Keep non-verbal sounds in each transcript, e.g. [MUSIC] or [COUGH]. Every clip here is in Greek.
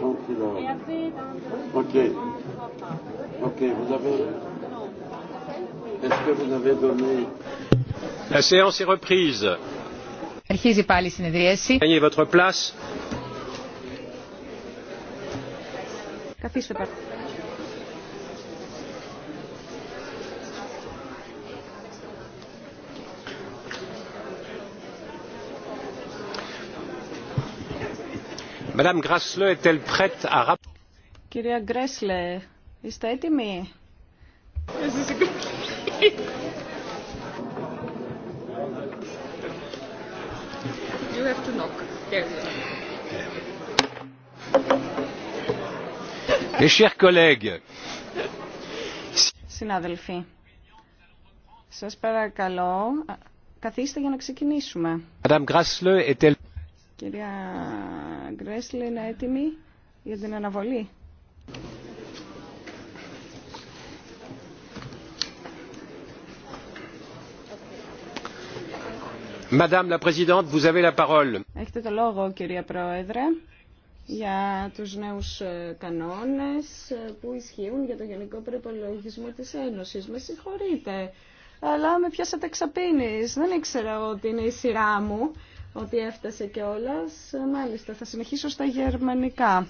tranquille. Ok. Ok, vous avez. Est-ce que vous avez donné. La séance est reprise. Αρχίζει πάλι η συνεδρίαση. Gagnez votre place. Καθίστε παρακαλώ. Κυρία Γκρέσλε, είστε έτοιμοι? You have to knock. collègues, Συνάδελφοι, σας παρακαλώ, καθίστε για να ξεκινήσουμε. Κυρία Γκρέσλι είναι έτοιμη για την αναβολή. Madame Έχετε το λόγο, κυρία Πρόεδρε, για τους νέους ε, κανόνες ε, που ισχύουν για το Γενικό Προπολογισμό της Ένωσης. Με συγχωρείτε, αλλά με πιάσατε εξαπίνης. Δεν ήξερα ότι είναι η σειρά μου ότι έφτασε όλας. Μάλιστα, θα συνεχίσω στα γερμανικά.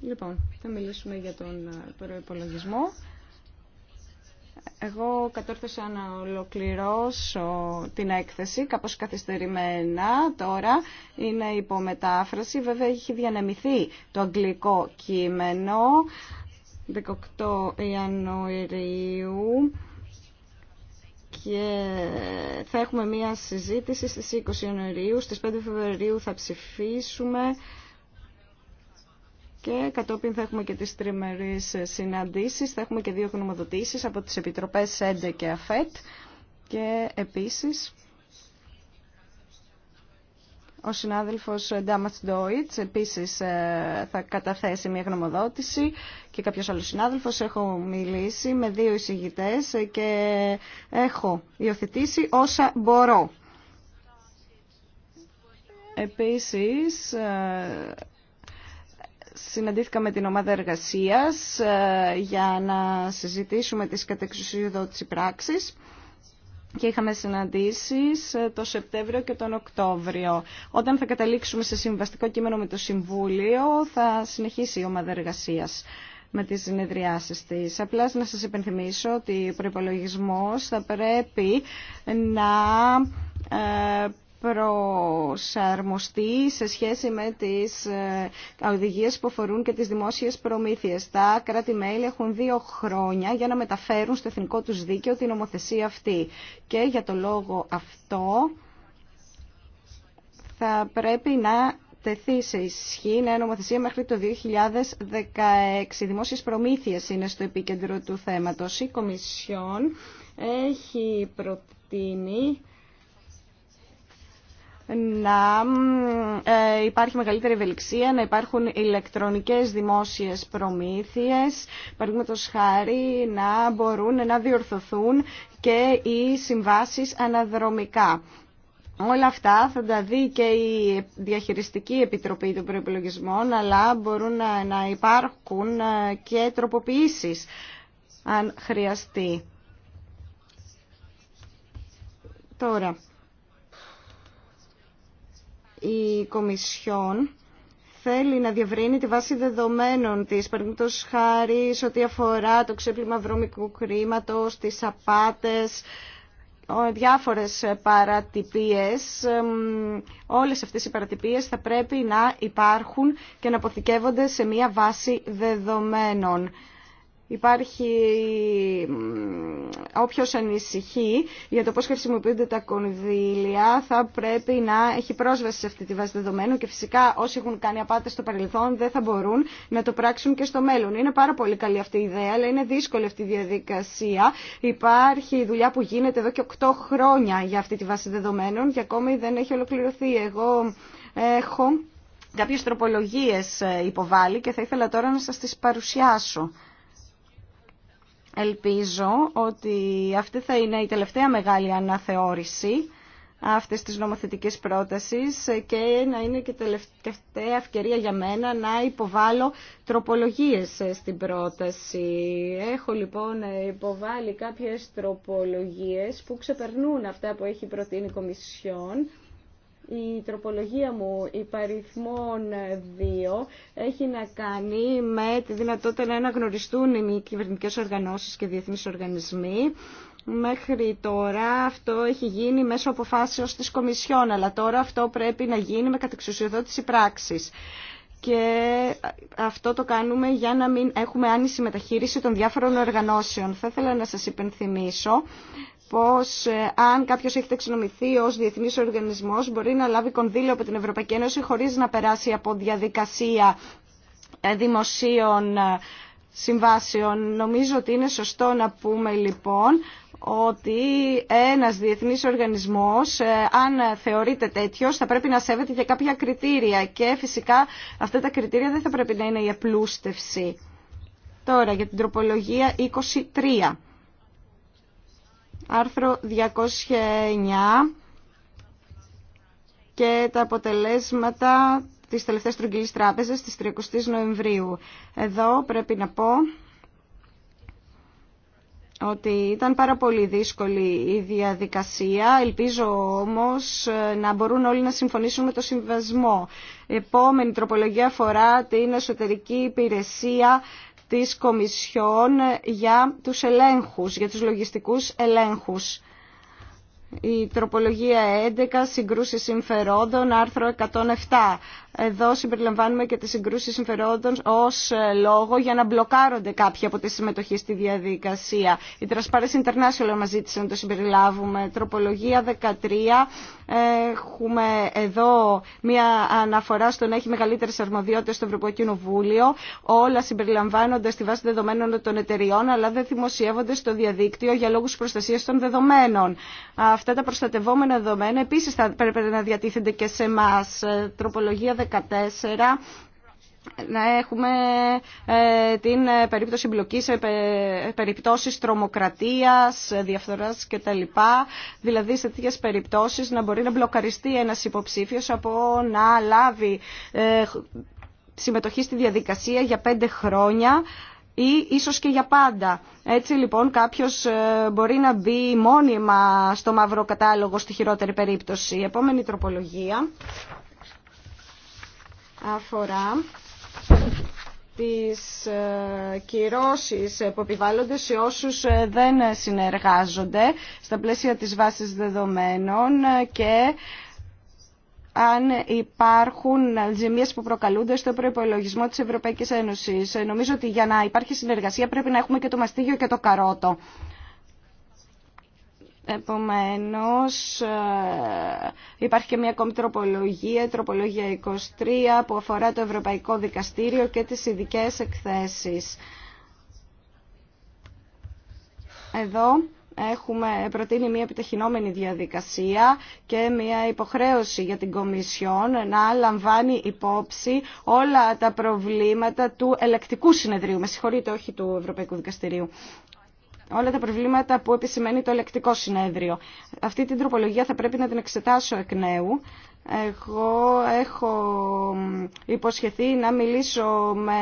Λοιπόν, θα μιλήσουμε για τον ε, προϋπολογισμό. Εγώ κατόρθωσα να ολοκληρώσω την έκθεση, κάπως καθυστερημένα τώρα, είναι υπομετάφραση. Βέβαια έχει διανεμηθεί το αγγλικό κείμενο, 18 Ιανουαρίου και θα έχουμε μία συζήτηση στις 20 Ιανουαρίου, στις 5 Φεβρουαρίου θα ψηφίσουμε και κατόπιν θα έχουμε και τις τριμερείς συναντήσεις, θα έχουμε και δύο γνωμοδοτήσεις από τις Επιτροπές Σέντε και ΑΦΕΤ και επίσης ο συνάδελφος Ντάμας Ντόιτς επίσης ε, θα καταθέσει μια γνωμοδότηση και κάποιος άλλος συνάδελφος. Έχω μιλήσει με δύο εισηγητές και έχω υιοθετήσει όσα μπορώ. Επίσης, ε, συναντήθηκα με την ομάδα εργασίας ε, για να συζητήσουμε τις κατεξουσιοδότηση πράξεις και είχαμε συναντήσεις ε, το Σεπτέμβριο και τον Οκτώβριο. Όταν θα καταλήξουμε σε συμβαστικό κείμενο με το Συμβούλιο θα συνεχίσει η ομάδα εργασίας με τις συνεδριάσεις της. Απλά να σας υπενθυμίσω ότι ο προπολογισμό θα πρέπει να ε, προσαρμοστεί σε σχέση με τις ε, οδηγίες που αφορούν και τις δημόσιες προμήθειες. Τα κράτη-μέλη έχουν δύο χρόνια για να μεταφέρουν στο εθνικό τους δίκαιο την νομοθεσία αυτή. Και για το λόγο αυτό θα πρέπει να τεθεί σε ισχύ νέα νομοθεσία μέχρι το 2016. δημόσιες προμήθειες είναι στο επίκεντρο του θέματος. Η Κομισιόν έχει προτείνει να ε, υπάρχει μεγαλύτερη ευελιξία, να υπάρχουν ηλεκτρονικές δημόσιες προμήθειες, παραδείγματο χάρη να μπορούν να διορθωθούν και οι συμβάσεις αναδρομικά. Όλα αυτά θα τα δει και η Διαχειριστική Επιτροπή των Προϋπολογισμών, αλλά μπορούν να υπάρχουν ε, και τροποποιήσεις αν χρειαστεί. Τώρα, η Κομισιόν θέλει να διευρύνει τη βάση δεδομένων της, παραδείγματος χάρη σε ό,τι αφορά το ξέπλυμα βρώμικου κρίματος, τις απάτες, διάφορες παρατυπίες. Όλες αυτές οι παρατυπίες θα πρέπει να υπάρχουν και να αποθηκεύονται σε μία βάση δεδομένων. Υπάρχει όποιο ανησυχεί για το πώ χρησιμοποιούνται τα κονδύλια θα πρέπει να έχει πρόσβαση σε αυτή τη βάση δεδομένων και φυσικά όσοι έχουν κάνει απάτε στο παρελθόν δεν θα μπορούν να το πράξουν και στο μέλλον. Είναι πάρα πολύ καλή αυτή η ιδέα αλλά είναι δύσκολη αυτή η διαδικασία. Υπάρχει δουλειά που γίνεται εδώ και 8 χρόνια για αυτή τη βάση δεδομένων και ακόμη δεν έχει ολοκληρωθεί. Εγώ έχω κάποιες τροπολογίες ε, υποβάλει και θα ήθελα τώρα να σας τις παρουσιάσω. Ελπίζω ότι αυτή θα είναι η τελευταία μεγάλη αναθεώρηση αυτής της νομοθετικής πρότασης και να είναι και τελευταία ευκαιρία για μένα να υποβάλω τροπολογίες στην πρόταση. Έχω λοιπόν υποβάλει κάποιες τροπολογίες που ξεπερνούν αυτά που έχει προτείνει η Κομισιόν η τροπολογία μου υπαριθμών 2 έχει να κάνει με τη δυνατότητα να αναγνωριστούν οι μη κυβερνητικέ οργανώσεις και διεθνεί οργανισμοί. Μέχρι τώρα αυτό έχει γίνει μέσω αποφάσεως της Κομισιόν, αλλά τώρα αυτό πρέπει να γίνει με κατεξουσιοδότηση πράξης και αυτό το κάνουμε για να μην έχουμε άνηση μεταχείριση των διάφορων οργανώσεων. Θα ήθελα να σας υπενθυμίσω πως ε, αν κάποιος έχει ταξινομηθεί ως διεθνής οργανισμός μπορεί να λάβει κονδύλιο από την Ευρωπαϊκή Ένωση χωρίς να περάσει από διαδικασία ε, δημοσίων ε, συμβάσεων. Νομίζω ότι είναι σωστό να πούμε λοιπόν ότι ένας διεθνής οργανισμός, αν θεωρείται τέτοιος, θα πρέπει να σέβεται για κάποια κριτήρια και φυσικά αυτά τα κριτήρια δεν θα πρέπει να είναι η απλούστευση. Τώρα για την τροπολογία 23. Άρθρο 209 και τα αποτελέσματα της τελευταίας τρογγυλής τράπεζας της 30 Νοεμβρίου. Εδώ πρέπει να πω ότι ήταν πάρα πολύ δύσκολη η διαδικασία. Ελπίζω όμως ε, να μπορούν όλοι να συμφωνήσουν με το συμβασμό. επόμενη τροπολογία αφορά την εσωτερική υπηρεσία της Κομισιόν για τους ελέγχους, για τους λογιστικούς ελέγχους. Η τροπολογία 11, συγκρούσεις συμφερόντων, άρθρο 107. Εδώ συμπεριλαμβάνουμε και τις συγκρούσεις συμφερόντων ως ε, λόγο για να μπλοκάρονται κάποιοι από τη συμμετοχή στη διαδικασία. Η Transparency International μας ζήτησε να το συμπεριλάβουμε. Τροπολογία 13. Έχουμε εδώ μια αναφορά στο να έχει μεγαλύτερες αρμοδιότητες στο Ευρωπαϊκό Κοινοβούλιο. Όλα συμπεριλαμβάνονται στη βάση δεδομένων των εταιριών, αλλά δεν δημοσιεύονται στο διαδίκτυο για λόγους προστασίας των δεδομένων. Αυτά τα προστατευόμενα δεδομένα επίσης θα πρέπει να διατίθενται και σε εμά. Τροπολογία 14. να έχουμε ε, την περίπτωση μπλοκή σε περιπτώσεις τρομοκρατίας, διαφθοράς κτλ. Δηλαδή σε τέτοιες περιπτώσεις να μπορεί να μπλοκαριστεί ένας υποψήφιος από να λάβει ε, συμμετοχή στη διαδικασία για πέντε χρόνια ή ίσως και για πάντα. Έτσι λοιπόν κάποιος ε, μπορεί να μπει μόνιμα στο μαύρο κατάλογο στη χειρότερη περίπτωση. Η επόμενη τροπολογία αφορά τις ε, κυρώσεις που επιβάλλονται σε όσους ε, δεν συνεργάζονται στα πλαίσια της βάσης δεδομένων και αν υπάρχουν ζημίες που προκαλούνται στο προϋπολογισμό της Ευρωπαϊκής Ένωσης. Ε, νομίζω ότι για να υπάρχει συνεργασία πρέπει να έχουμε και το μαστίγιο και το καρότο. Επομένως, ε, υπάρχει και μια ακόμη τροπολογία, τροπολογία 23, που αφορά το Ευρωπαϊκό Δικαστήριο και τις ειδικέ εκθέσεις. Εδώ έχουμε ε, προτείνει μια επιταχυνόμενη διαδικασία και μια υποχρέωση για την Κομισιόν να λαμβάνει υπόψη όλα τα προβλήματα του ελεκτικού συνεδρίου, με συγχωρείτε όχι του Ευρωπαϊκού Δικαστηρίου όλα τα προβλήματα που επισημαίνει το ελεκτικό συνέδριο. Αυτή την τροπολογία θα πρέπει να την εξετάσω εκ νέου, εγώ έχω υποσχεθεί να μιλήσω με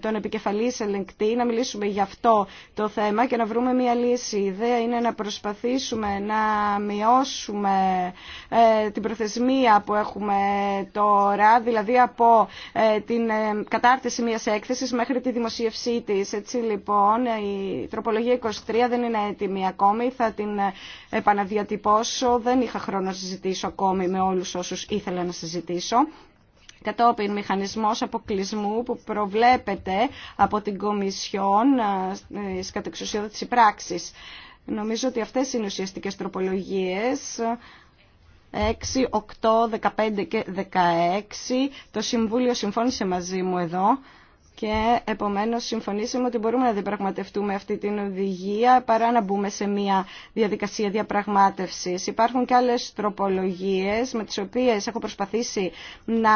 τον επικεφαλής ελεγκτή, να μιλήσουμε γι' αυτό το θέμα και να βρούμε μια λύση. Η ιδέα είναι να προσπαθήσουμε να μειώσουμε ε, την προθεσμία που έχουμε τώρα, δηλαδή από ε, την ε, κατάρτιση μιας έκθεσης μέχρι τη δημοσίευσή της. Έτσι λοιπόν η τροπολογία 23 δεν είναι έτοιμη ακόμη, θα την επαναδιατυπώσω, δεν είχα χρόνο να συζητήσω ακόμη με όλους όσους ήθελα να συζητήσω κατόπιν μηχανισμός αποκλεισμού που προβλέπεται από την Κομισιόν ε, στις της πράξης. Νομίζω ότι αυτές είναι ουσιαστικές τροπολογίες. 6, 8, 15 και 16. Το Συμβούλιο συμφώνησε μαζί μου εδώ και επομένω συμφωνήσαμε ότι μπορούμε να διαπραγματευτούμε αυτή την οδηγία παρά να μπούμε σε μια διαδικασία διαπραγματεύση. Υπάρχουν και άλλε τροπολογίες με τις οποίες έχω προσπαθήσει να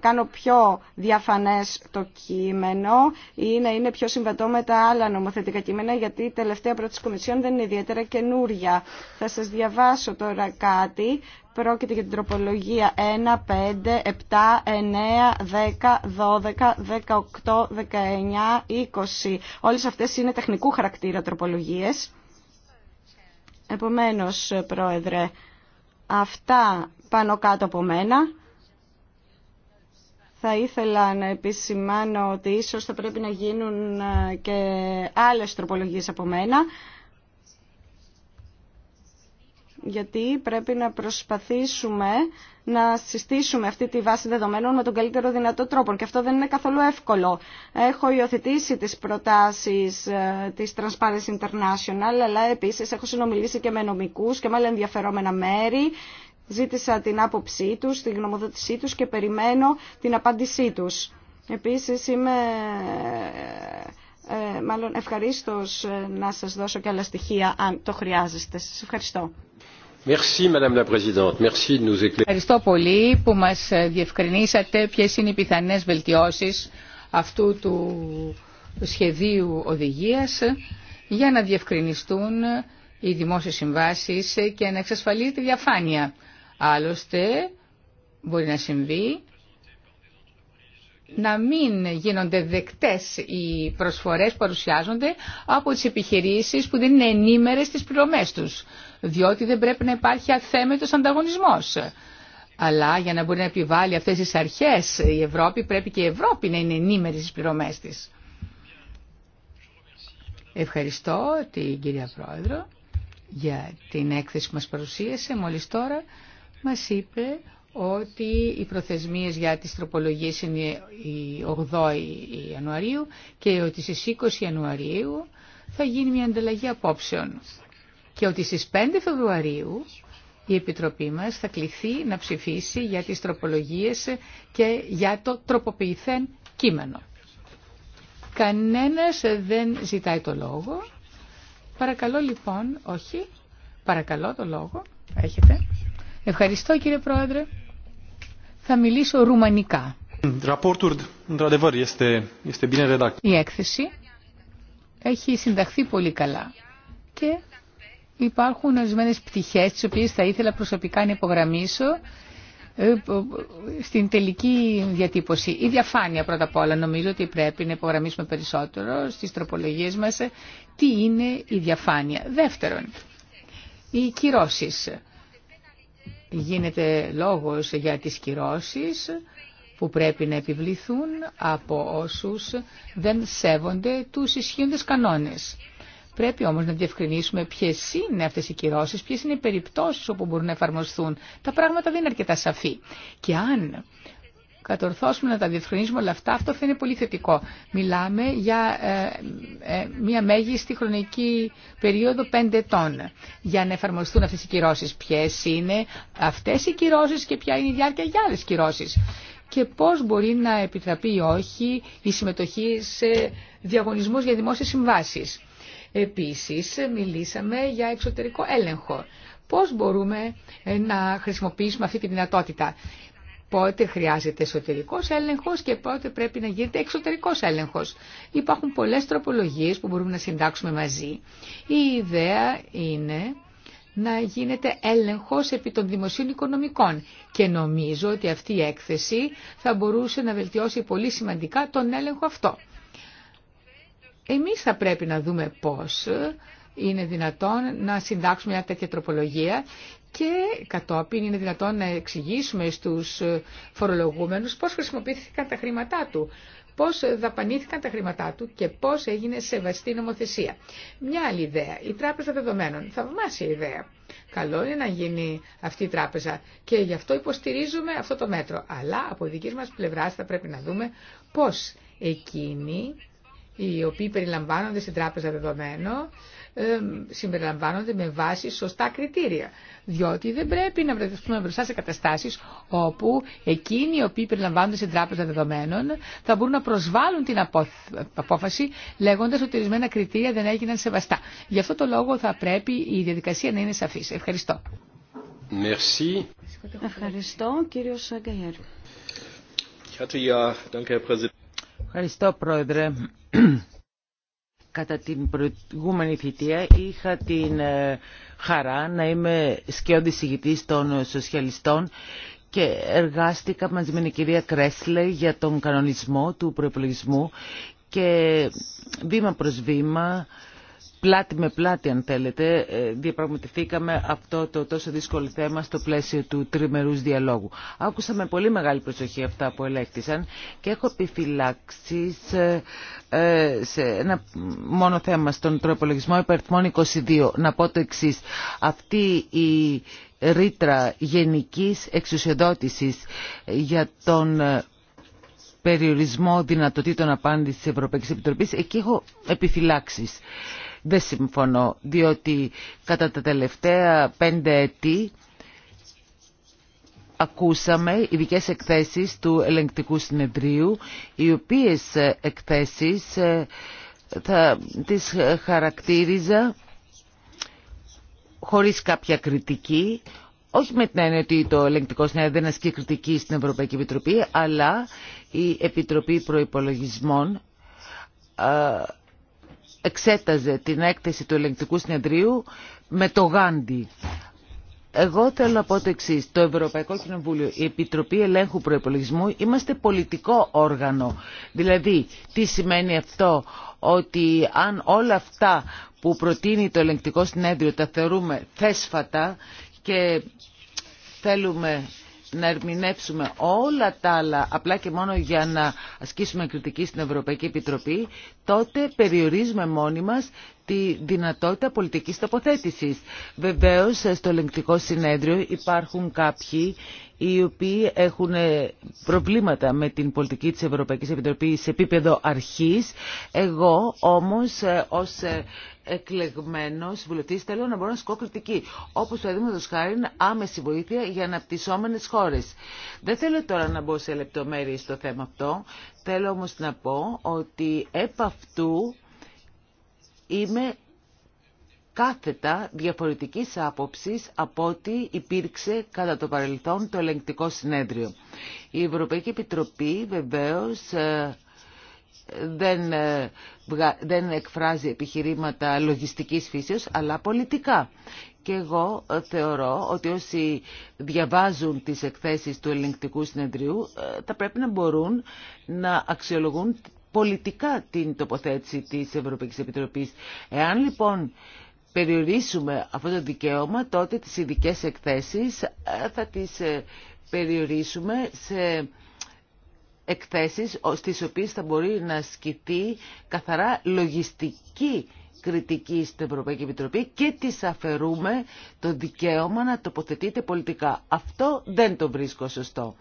κάνω πιο διαφανές το κείμενο ή να είναι πιο συμβατό με τα άλλα νομοθετικά κείμενα γιατί η τελευταία πρώτη Κομισιόν δεν είναι ιδιαίτερα καινούρια. Θα σα διαβάσω τώρα κάτι Πρόκειται για την τροπολογία 1, 5, 7, 9, 10, 12, 18, 19, 20. Όλες αυτές είναι τεχνικού χαρακτήρα τροπολογίες. Επομένως, Πρόεδρε, αυτά πάνω κάτω από μένα. Θα ήθελα να επισημάνω ότι ίσως θα πρέπει να γίνουν ε, και άλλες τροπολογίες από μένα γιατί πρέπει να προσπαθήσουμε να συστήσουμε αυτή τη βάση δεδομένων με τον καλύτερο δυνατό τρόπο και αυτό δεν είναι καθόλου εύκολο. Έχω υιοθετήσει τις προτάσεις ε, της Transparency International, αλλά επίσης έχω συνομιλήσει και με νομικούς και με άλλα ενδιαφερόμενα μέρη. Ζήτησα την άποψή τους, την γνωμοδότησή τους και περιμένω την απάντησή τους. Επίσης είμαι ε, ε μάλλον ευχαρίστως ε, να σας δώσω και άλλα στοιχεία αν το χρειάζεστε. Σας ευχαριστώ. Ευχαριστώ πολύ που μας διευκρινίσατε ποιες είναι οι πιθανές βελτιώσεις αυτού του σχεδίου οδηγίας για να διευκρινιστούν οι δημόσιες συμβάσεις και να εξασφαλίζεται διαφάνεια. Άλλωστε μπορεί να συμβεί να μην γίνονται δεκτές οι προσφορές που παρουσιάζονται από τις επιχειρήσεις που δεν είναι ενήμερες στις πληρωμές τους, διότι δεν πρέπει να υπάρχει αθέμετος ανταγωνισμός. Αλλά για να μπορεί να επιβάλλει αυτές τις αρχές η Ευρώπη, πρέπει και η Ευρώπη να είναι ενήμερη στις πληρωμές της. Ευχαριστώ την κυρία Πρόεδρο για την έκθεση που μας παρουσίασε μόλις τώρα. Μας είπε ότι οι προθεσμίες για τις τροπολογίες είναι η 8η Ιανουαρίου και ότι στις 20 Ιανουαρίου θα γίνει μια ανταλλαγή απόψεων και ότι στις 5 Φεβρουαρίου η Επιτροπή μας θα κληθεί να ψηφίσει για τις τροπολογίες και για το τροποποιηθέν κείμενο. Κανένας δεν ζητάει το λόγο. Παρακαλώ λοιπόν, όχι, παρακαλώ το λόγο, έχετε. Ευχαριστώ κύριε Πρόεδρε. Θα μιλήσω ρουμανικά. Η έκθεση έχει συνταχθεί πολύ καλά και υπάρχουν ορισμένε πτυχές τι οποίες θα ήθελα προσωπικά να υπογραμμίσω ε, στην τελική διατύπωση. Η διαφάνεια πρώτα απ' όλα νομίζω ότι πρέπει να υπογραμμίσουμε περισσότερο στις τροπολογίες μας ε, τι είναι η διαφάνεια. Δεύτερον, οι κυρώσεις γίνεται λόγος για τις κυρώσεις που πρέπει να επιβληθούν από όσους δεν σέβονται τους ισχύοντες κανόνες. Πρέπει όμως να διευκρινίσουμε ποιες είναι αυτές οι κυρώσεις, ποιες είναι οι περιπτώσεις όπου μπορούν να εφαρμοστούν. Τα πράγματα δεν είναι αρκετά σαφή. Και αν κατορθώσουμε να τα διευκρινίσουμε όλα αυτά, αυτό θα είναι πολύ θετικό. Μιλάμε για ε, ε, μια μέγιστη χρονική περίοδο 5 ετών για να εφαρμοστούν αυτές οι κυρώσεις. Ποιες είναι αυτές οι κυρώσεις και ποια είναι η διάρκεια για άλλες κυρώσεις και πώς μπορεί να επιτραπεί ή όχι η συμμετοχή σε διαγωνισμούς για δημόσιες συμβάσεις. Επίσης, μιλήσαμε για εξωτερικό έλεγχο. Πώς μπορούμε ε, να χρησιμοποιήσουμε αυτή τη δυνατότητα πότε χρειάζεται εσωτερικός έλεγχος και πότε πρέπει να γίνεται εξωτερικός έλεγχος. Υπάρχουν πολλές τροπολογίες που μπορούμε να συντάξουμε μαζί. Η ιδέα είναι να γίνεται έλεγχος επί των δημοσίων οικονομικών και νομίζω ότι αυτή η έκθεση θα μπορούσε να βελτιώσει πολύ σημαντικά τον έλεγχο αυτό. Εμείς θα πρέπει να δούμε πώς είναι δυνατόν να συντάξουμε μια τέτοια τροπολογία και κατόπιν είναι δυνατόν να εξηγήσουμε στους φορολογούμενους πώς χρησιμοποιήθηκαν τα χρήματά του, πώς δαπανήθηκαν τα χρήματά του και πώς έγινε σεβαστή νομοθεσία. Μια άλλη ιδέα, η Τράπεζα Δεδομένων, θαυμάσια ιδέα. Καλό είναι να γίνει αυτή η τράπεζα και γι' αυτό υποστηρίζουμε αυτό το μέτρο. Αλλά από δική μας πλευράς θα πρέπει να δούμε πώς εκείνοι οι οποίοι περιλαμβάνονται στην Τράπεζα Δεδομένων συμπεριλαμβάνονται με βάση σωστά κριτήρια. Διότι δεν πρέπει να βρεθούμε μπροστά σε καταστάσει όπου εκείνοι οι οποίοι περιλαμβάνονται στην τράπεζα δεδομένων θα μπορούν να προσβάλλουν την απόφαση λέγοντα ότι ορισμένα κριτήρια δεν έγιναν σεβαστά. Γι' αυτό το λόγο θα πρέπει η διαδικασία να είναι σαφή. Ευχαριστώ. Merci. Ευχαριστώ, κύριο Σαγκαγιέρ. Ευχαριστώ, Πρόεδρε. Κατά την προηγούμενη θητεία είχα την ε, χαρά να είμαι σκιώδη ηγητής των σοσιαλιστών και εργάστηκα μαζί με την κυρία Κρέσλε για τον κανονισμό του προϋπολογισμού και βήμα προς βήμα πλάτη με πλάτη αν θέλετε ε, διαπραγματευθήκαμε αυτό το τόσο δύσκολο θέμα στο πλαίσιο του τριμερούς διαλόγου. Άκουσα με πολύ μεγάλη προσοχή αυτά που ελέγχθησαν και έχω επιφυλάξει ε, ε, σε ένα μόνο θέμα στον τροπολογισμό υπερθμών 22. Να πω το εξή. Αυτή η ρήτρα γενικής εξουσιοδότησης για τον περιορισμό δυνατοτήτων απάντησης της Ευρωπαϊκής Επιτροπής, εκεί έχω επιφυλάξει δεν συμφωνώ, διότι κατά τα τελευταία πέντε έτη ακούσαμε ειδικέ εκθέσεις του ελεγκτικού συνεδρίου, οι οποίες εκθέσεις ε, θα τις χαρακτήριζα χωρίς κάποια κριτική, όχι με την έννοια ότι το ελεγκτικό συνέδριο δεν ασκεί κριτική στην Ευρωπαϊκή Επιτροπή, αλλά η Επιτροπή Προϋπολογισμών ε, εξέταζε την έκθεση του ελεγκτικού συνεδρίου με το Γάντι. Εγώ θέλω να πω το εξή. Το Ευρωπαϊκό Κοινοβούλιο, η Επιτροπή Ελέγχου Προπολογισμού, είμαστε πολιτικό όργανο. Δηλαδή, τι σημαίνει αυτό, ότι αν όλα αυτά που προτείνει το ελεγκτικό συνέδριο τα θεωρούμε θέσφατα και θέλουμε να ερμηνεύσουμε όλα τα άλλα απλά και μόνο για να ασκήσουμε κριτική στην Ευρωπαϊκή Επιτροπή, τότε περιορίζουμε μόνοι μας τη δυνατότητα πολιτικής τοποθέτησης. Βεβαίως στο ελεγκτικό συνέδριο υπάρχουν κάποιοι οι οποίοι έχουν ε, προβλήματα με την πολιτική της Ευρωπαϊκής Επιτροπής σε επίπεδο αρχής. Εγώ όμως ε, ως ε, εκλεγμένος βουλευτής θέλω να μπορώ να σκώ κριτική, όπως το του χάρη άμεση βοήθεια για αναπτυσσόμενες χώρες. Δεν θέλω τώρα να μπω σε λεπτομέρειες στο θέμα αυτό, θέλω όμως να πω ότι επ' αυτού είμαι κάθετα διαφορετικής άποψης από ό,τι υπήρξε κατά το παρελθόν το ελεγκτικό συνέδριο. Η Ευρωπαϊκή Επιτροπή βεβαίως ε, δεν, ε, δεν εκφράζει επιχειρήματα λογιστικής φύσεως, αλλά πολιτικά. Και εγώ ε, θεωρώ ότι όσοι διαβάζουν τις εκθέσεις του ελεγκτικού συνεδρίου θα πρέπει να μπορούν να αξιολογούν πολιτικά την τοποθέτηση της Ευρωπαϊκής Επιτροπής. Εάν λοιπόν περιορίσουμε αυτό το δικαίωμα, τότε τις ειδικέ εκθέσεις ε, θα τις ε, περιορίσουμε σε εκθέσεις στις οποίες θα μπορεί να ασκηθεί καθαρά λογιστική κριτική στην Ευρωπαϊκή Επιτροπή και της αφαιρούμε το δικαίωμα να τοποθετείται πολιτικά. Αυτό δεν το βρίσκω σωστό.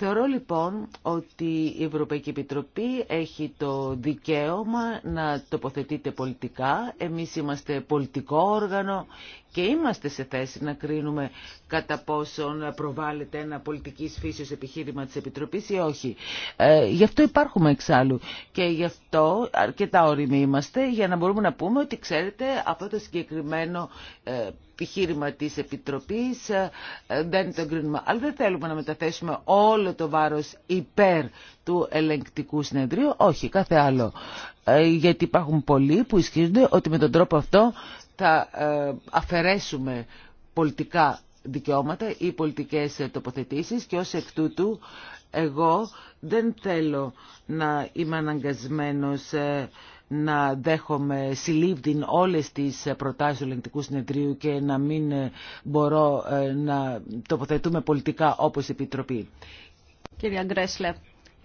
Θεωρώ λοιπόν ότι η Ευρωπαϊκή Επιτροπή έχει το δικαίωμα να τοποθετείται πολιτικά. Εμείς είμαστε πολιτικό όργανο και είμαστε σε θέση να κρίνουμε κατά πόσον προβάλλεται ένα πολιτικής φύσεως επιχείρημα της Επιτροπής ή όχι. Ε, γι' αυτό υπάρχουμε εξάλλου και γι' αυτό αρκετά όριμοι είμαστε για να μπορούμε να πούμε ότι ξέρετε αυτό το συγκεκριμένο ε, επιχείρημα της Επιτροπής ε, ε, δεν το εγκρίνουμε. Αλλά δεν θέλουμε να μεταθέσουμε όλο το βάρος υπέρ του ελεγκτικού συνεδρίου, όχι κάθε άλλο. Ε, γιατί υπάρχουν πολλοί που ισχύονται ότι με τον τρόπο αυτό θα αφαιρέσουμε πολιτικά δικαιώματα ή πολιτικές τοποθετήσεις και ως εκ τούτου εγώ δεν θέλω να είμαι αναγκασμένος να δέχομαι συλλήπτην όλες τις προτάσεις του ελεγκτικού συνεδρίου και να μην ε, μπορώ ε, να τοποθετούμε πολιτικά όπως η Επιτροπή. Κυρία Γκρέσλε,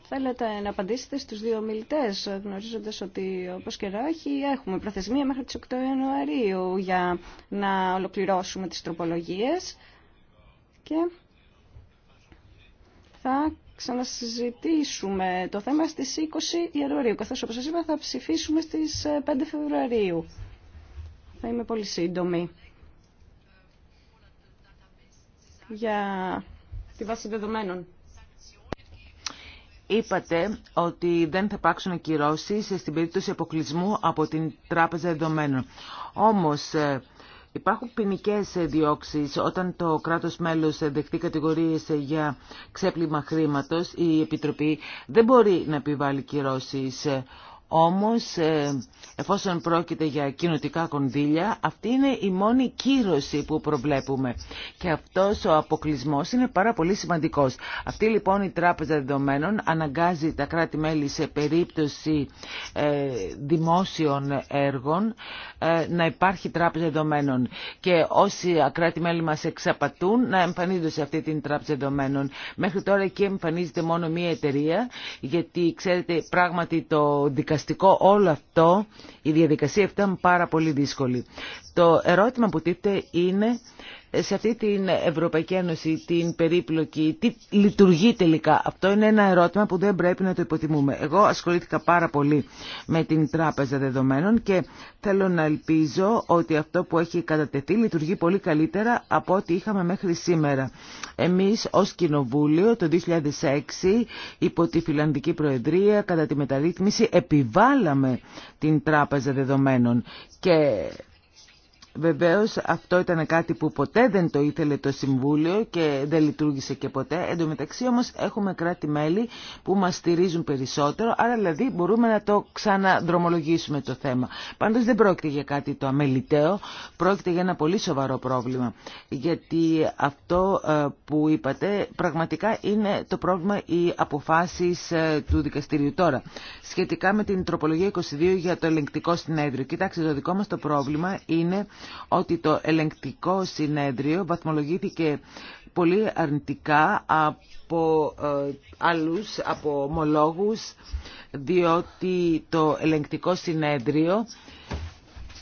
θέλετε να απαντήσετε στους δύο μιλητές, γνωρίζοντας ότι όπως και έχουμε προθεσμία μέχρι τις 8 Ιανουαρίου για να ολοκληρώσουμε τις τροπολογίες και θα ξανασυζητήσουμε το θέμα στις 20 Ιανουαρίου, καθώς όπως σας είπα θα ψηφίσουμε στις 5 ε, Φεβρουαρίου. Θα είμαι πολύ σύντομη. Για τη βάση δεδομένων. Είπατε ότι δεν θα υπάρξουν ακυρώσεις στην περίπτωση αποκλεισμού από την Τράπεζα Δεδομένων. Όμως, ε, Υπάρχουν ποινικέ διώξει όταν το κράτο μέλο δεχτεί κατηγορίε για ξέπλυμα χρήματο. Η Επιτροπή δεν μπορεί να επιβάλλει κυρώσει όμως, ε, εφόσον πρόκειται για κοινοτικά κονδύλια, αυτή είναι η μόνη κύρωση που προβλέπουμε. Και αυτός ο αποκλεισμό είναι πάρα πολύ σημαντικός. Αυτή λοιπόν η Τράπεζα Δεδομένων αναγκάζει τα κράτη-μέλη σε περίπτωση ε, δημόσιων έργων ε, να υπάρχει Τράπεζα Δεδομένων. Και όσοι κράτη-μέλη μας εξαπατούν να εμφανίζονται σε αυτή την Τράπεζα Δεδομένων. Μέχρι τώρα εκεί εμφανίζεται μόνο μία εταιρεία, γιατί ξέρετε πράγματι το διαδικαστικό όλο αυτό, η διαδικασία αυτή ήταν πάρα πολύ δύσκολη. Το ερώτημα που τίθεται είναι σε αυτή την Ευρωπαϊκή Ένωση, την περίπλοκη, τι λειτουργεί τελικά. Αυτό είναι ένα ερώτημα που δεν πρέπει να το υποτιμούμε. Εγώ ασχολήθηκα πάρα πολύ με την Τράπεζα Δεδομένων και θέλω να ελπίζω ότι αυτό που έχει κατατεθεί λειτουργεί πολύ καλύτερα από ό,τι είχαμε μέχρι σήμερα. Εμείς ως Κοινοβούλιο το 2006 υπό τη Φιλανδική Προεδρία κατά τη μεταρρύθμιση επιβάλαμε την Τράπεζα Δεδομένων και Βεβαίως αυτό ήταν κάτι που ποτέ δεν το ήθελε το Συμβούλιο και δεν λειτουργήσε και ποτέ. Εν τω μεταξύ όμως έχουμε κράτη-μέλη που μας στηρίζουν περισσότερο, άρα δηλαδή μπορούμε να το ξαναδρομολογήσουμε το θέμα. Πάντως δεν πρόκειται για κάτι το αμεληταίο, πρόκειται για ένα πολύ σοβαρό πρόβλημα. Γιατί αυτό ε, που είπατε πραγματικά είναι το πρόβλημα οι αποφάσεις ε, του δικαστηρίου τώρα. Σχετικά με την τροπολογία 22 για το ελεγκτικό συνέδριο. Κοιτάξτε, το δικό μας το πρόβλημα είναι ότι το ελεγκτικό συνέδριο βαθμολογήθηκε πολύ αρνητικά από ε, άλλους, από ομολόγους, διότι το ελεγκτικό συνέδριο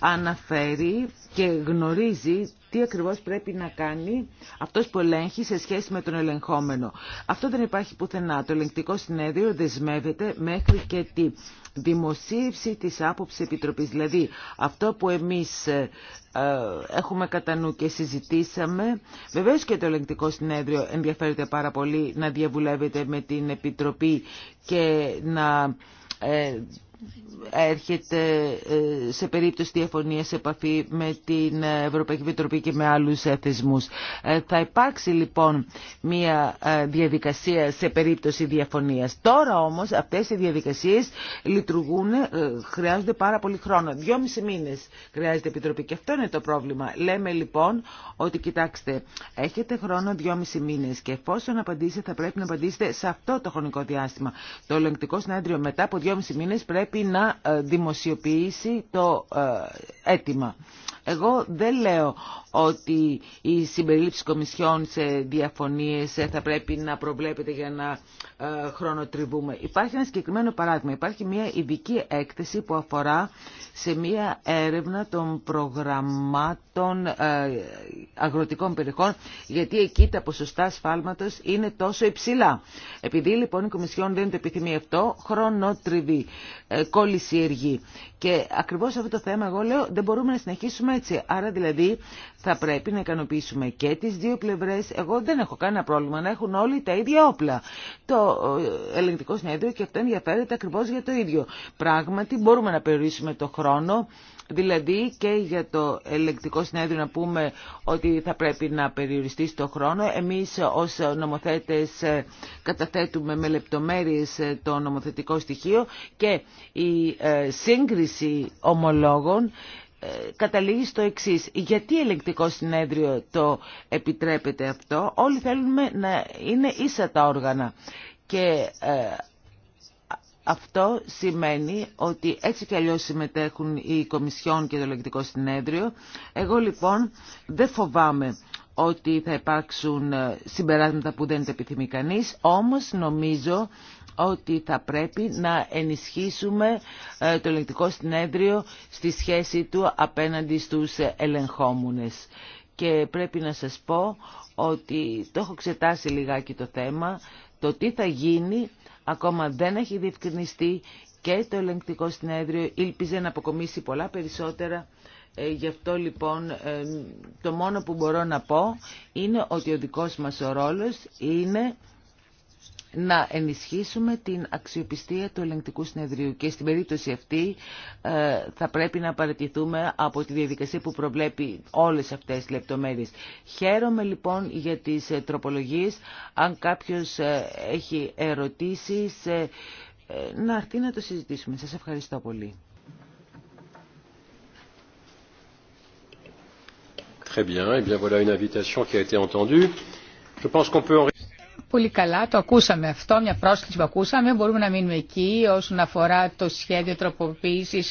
αναφέρει και γνωρίζει τι ακριβώς πρέπει να κάνει αυτός που ελέγχει σε σχέση με τον ελεγχόμενο. Αυτό δεν υπάρχει πουθενά. Το ελεγκτικό συνέδριο δεσμεύεται μέχρι και τη δημοσίευση της άποψης επιτροπής. Δηλαδή αυτό που εμείς ε, ε, έχουμε κατά νου και συζητήσαμε. Βεβαίως και το ελεγκτικό συνέδριο ενδιαφέρεται πάρα πολύ να διαβουλεύεται με την επιτροπή και να ε, έρχεται ε, σε περίπτωση διαφωνίας σε επαφή με την Ευρωπαϊκή Επιτροπή και με άλλους ε, θεσμούς. Ε, θα υπάρξει λοιπόν μια διαδικασία σε περίπτωση διαφωνίας. Τώρα όμως αυτές οι διαδικασίες λειτουργούν, χρειάζονται πάρα πολύ χρόνο. Δυόμιση μήνες χρειάζεται η Επιτροπή και αυτό είναι το πρόβλημα. Λέμε λοιπόν ότι κοιτάξτε, έχετε χρόνο δυόμιση μήνες και εφόσον απαντήσετε θα πρέπει να απαντήσετε σε αυτό το χρονικό διάστημα. Το ελεγκτικό συνέδριο μετά από δυόμιση μήνες πρέπει πρέπει να ε, δημοσιοποιήσει το ε, αίτημα. Εγώ δεν λέω ότι η συμπερίληψη κομισιών σε διαφωνίες ε, θα πρέπει να προβλέπεται για να χρονοτριβούμε. Υπάρχει ένα συγκεκριμένο παράδειγμα. Υπάρχει μια ειδική έκθεση που αφορά σε μια έρευνα των προγραμμάτων αγροτικών περιοχών γιατί εκεί τα ποσοστά σφάλματος είναι τόσο υψηλά. Επειδή λοιπόν η Κομισιόν δεν το επιθυμεί αυτό, χρονοτριβεί κόλληση εργή. Και ακριβώς αυτό το θέμα εγώ λέω δεν μπορούμε να συνεχίσουμε έτσι. Άρα δηλαδή θα πρέπει να ικανοποιήσουμε και τις δύο πλευρές. Εγώ δεν έχω κανένα πρόβλημα να έχουν όλοι τα ίδια όπλα. Το ελεγκτικό συνέδριο και αυτό ενδιαφέρεται ακριβώς για το ίδιο. Πράγματι μπορούμε να περιορίσουμε το χρόνο Δηλαδή και για το ελεγκτικό συνέδριο να πούμε ότι θα πρέπει να περιοριστεί στο χρόνο. Εμείς ως νομοθέτες ε, καταθέτουμε με λεπτομέρειες ε, το νομοθετικό στοιχείο και η ε, σύγκριση ομολόγων καταλήγει στο εξή. Γιατί ελεγκτικό συνέδριο το επιτρέπεται αυτό. Όλοι θέλουμε να είναι ίσα τα όργανα. Και αυτό σημαίνει ότι έτσι κι αλλιώς συμμετέχουν οι Κομισιόν και το Λεκτικό Συνέδριο. Εγώ λοιπόν δεν φοβάμαι ότι θα υπάρξουν ε, συμπεράσματα που δεν τα επιθυμεί κανείς, όμως νομίζω ότι θα πρέπει να ενισχύσουμε ε, το ελεγκτικό συνέδριο στη σχέση του απέναντι στους ελεγχόμουνες. Και πρέπει να σας πω ότι το έχω εξετάσει λιγάκι το θέμα, το τι θα γίνει ακόμα δεν έχει διευκρινιστεί και το ελεγκτικό συνέδριο ήλπιζε να αποκομίσει πολλά περισσότερα. Ε, γι' αυτό λοιπόν ε, το μόνο που μπορώ να πω είναι ότι ο δικός μας ο ρόλος είναι να ενισχύσουμε την αξιοπιστία του ελεγκτικού συνεδρίου και στην περίπτωση αυτή ε, θα πρέπει να παρατηθούμε από τη διαδικασία που προβλέπει όλες αυτές τις λεπτομέρειες. Χαίρομαι λοιπόν για τις ε, τροπολογίες. Αν κάποιος ε, έχει ερωτήσεις, να έρθει να το συζητήσουμε. Σας ευχαριστώ πολύ. Très bien. et eh bien, voilà une invitation qui a été Je pense qu'on peut Πολύ καλά, το ακούσαμε αυτό, μια πρόσκληση που ακούσαμε. Μπορούμε να μείνουμε εκεί όσον αφορά το σχέδιο τροποποίηση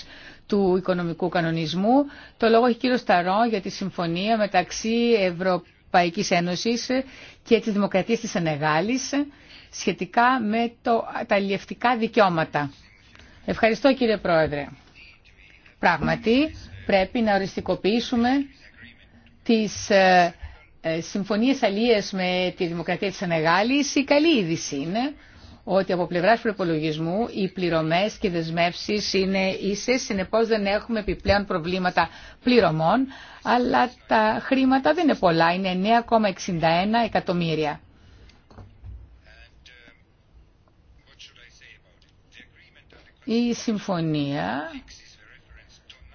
του οικονομικού κανονισμού. Το λόγο έχει κύριο Σταρό για τη συμφωνία μεταξύ Ευρωπαϊκής Ένωσης και της Δημοκρατίας της Σενεγάλης σχετικά με το, τα αλλιευτικά δικαιώματα. Ευχαριστώ κύριε Πρόεδρε. Πράγματι, πρέπει να οριστικοποιήσουμε τις ε, ε, συμφωνίες αλλίες με τη Δημοκρατία της Σενεγάλης, η καλή είδηση είναι ότι από πλευρά προπολογισμού οι πληρωμέ και οι δεσμεύσει είναι ίσε. Συνεπώ δεν έχουμε επιπλέον προβλήματα πληρωμών, αλλά τα χρήματα δεν είναι πολλά, είναι 9,61 εκατομμύρια. Η συμφωνία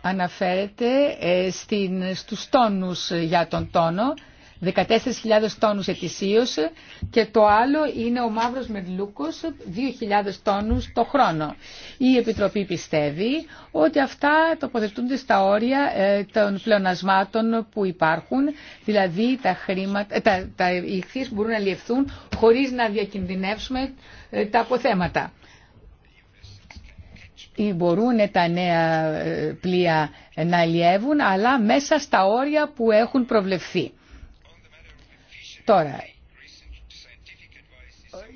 αναφέρεται ε, στην, στους τόνους για τον τόνο 14.000 τόνους ετησίως και το άλλο είναι ο μαύρος μερλούκος 2.000 τόνους το χρόνο. Η Επιτροπή πιστεύει ότι αυτά τοποθετούνται στα όρια ε, των πλεονασμάτων που υπάρχουν, δηλαδή τα χρήματα, ε, τα, τα που μπορούν να λιευθούν χωρίς να διακινδυνεύσουμε ε, τα αποθέματα ή μπορούν τα νέα πλοία να αλλιεύουν, αλλά μέσα στα όρια που έχουν προβλεφθεί. Τώρα,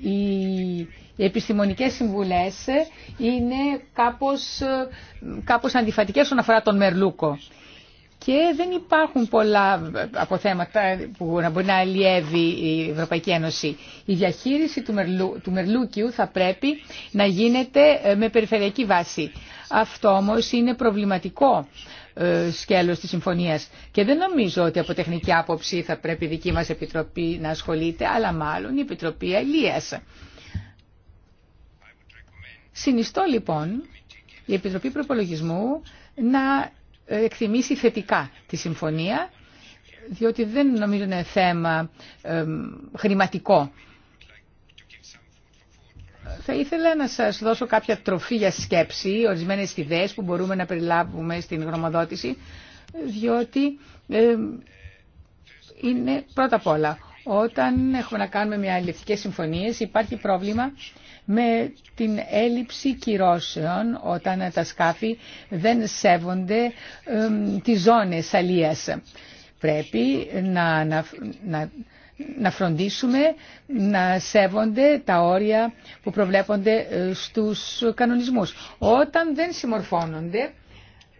οι επιστημονικές συμβουλές είναι κάπως, κάπως αντιφατικές όσον αφορά τον Μερλούκο. Και δεν υπάρχουν πολλά αποθέματα που να μπορεί να αλλιεύει η Ευρωπαϊκή Ένωση. Η διαχείριση του, του Μερλούκιου θα πρέπει να γίνεται ε, με περιφερειακή βάση. Αυτό όμως είναι προβληματικό ε, σκέλος της συμφωνίας. Και δεν νομίζω ότι από τεχνική άποψη θα πρέπει η δική μας Επιτροπή να ασχολείται, αλλά μάλλον η Επιτροπή Ελίας. Συνιστώ λοιπόν η Επιτροπή Προπολογισμού να εκτιμήσει θετικά τη συμφωνία, διότι δεν νομίζω είναι θέμα χρηματικό θα ήθελα να σας δώσω κάποια τροφή για σκέψη, ορισμένες ιδέες που μπορούμε να περιλάβουμε στην γνωμοδότηση, διότι ε, είναι πρώτα απ' όλα, όταν έχουμε να κάνουμε μια αλληλευτικές συμφωνίες υπάρχει πρόβλημα με την έλλειψη κυρώσεων όταν τα σκάφη δεν σέβονται ε, τις ζώνες αλίας. Πρέπει να να φροντίσουμε να σέβονται τα όρια που προβλέπονται ε, στους κανονισμούς. Όταν δεν συμμορφώνονται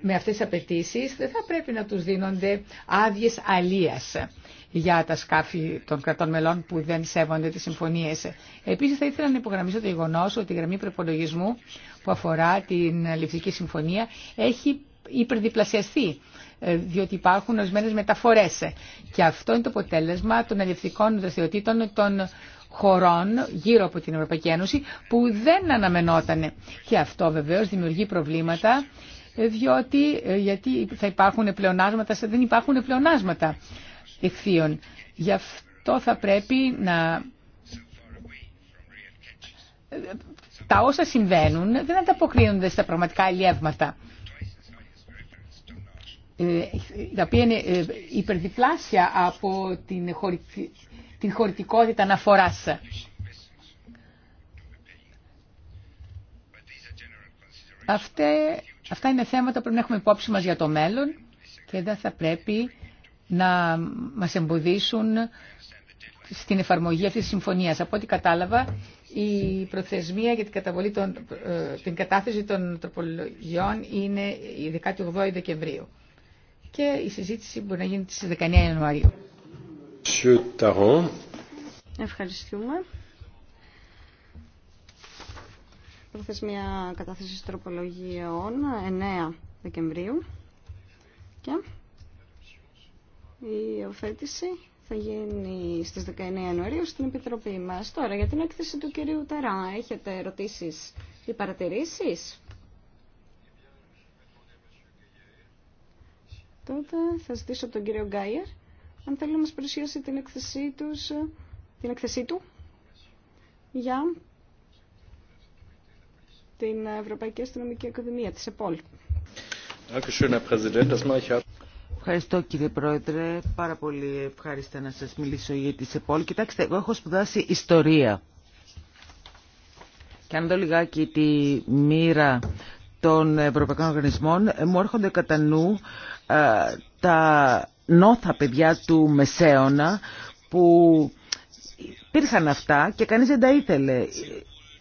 με αυτές τις απαιτήσει, δεν θα πρέπει να τους δίνονται άδειες αλίας για τα σκάφη των κρατών μελών που δεν σέβονται τις συμφωνίες. Επίσης θα ήθελα να υπογραμμίσω το γεγονό ότι η γραμμή προπολογισμού που αφορά την ληφτική Συμφωνία έχει υπερδιπλασιαστεί ε, διότι υπάρχουν ορισμένε μεταφορές. Και αυτό είναι το αποτέλεσμα των αλληλευτικών δραστηριοτήτων των χωρών γύρω από την Ευρωπαϊκή Ένωση που δεν αναμενόταν. Και αυτό βεβαίως δημιουργεί προβλήματα ε, διότι ε, γιατί θα υπάρχουν πλεονάσματα, δεν υπάρχουν πλεονάσματα ευθείων. Γι' αυτό θα πρέπει να... Τα όσα συμβαίνουν δεν ανταποκρίνονται στα πραγματικά ελιεύματα. Ε, τα οποία είναι ε, υπερδιπλάσια από την, χωρι... την χωρητικότητα αναφορά. αυτά είναι θέματα που πρέπει να έχουμε υπόψη μας για το μέλλον και δεν θα πρέπει να μας εμποδίσουν στην εφαρμογή αυτής της συμφωνίας. Από ό,τι κατάλαβα, η προθεσμία για την, καταβολή ε, την κατάθεση των τροπολογιών είναι η 18η Δεκεμβρίου και η συζήτηση μπορεί να γίνει στις 19 Ιανουαρίου. Ευχαριστούμε. Προθεσμία κατάθεση τροπολογιών 9 Δεκεμβρίου και η οφέτηση θα γίνει στις 19 Ιανουαρίου στην Επιτροπή μας. Τώρα για την έκθεση του κυρίου Ταρά έχετε ερωτήσεις ή παρατηρήσεις. Τότε θα ζητήσω τον κύριο Γκάιερ αν θέλει να μας παρουσιάσει την εκθεσή, του για την Ευρωπαϊκή Αστυνομική Ακαδημία της ΕΠΟΛ. Ευχαριστώ κύριε Πρόεδρε. Πάρα πολύ ευχαριστώ να σας μιλήσω για τη ΕΠΟΛ. Κοιτάξτε, εγώ έχω σπουδάσει ιστορία. Και αν δω λιγάκι τη μοίρα των Ευρωπαϊκών Οργανισμών ε, μου έρχονται κατά νου ε, τα νόθα παιδιά του Μεσαίωνα που υπήρχαν αυτά και κανείς δεν τα ήθελε.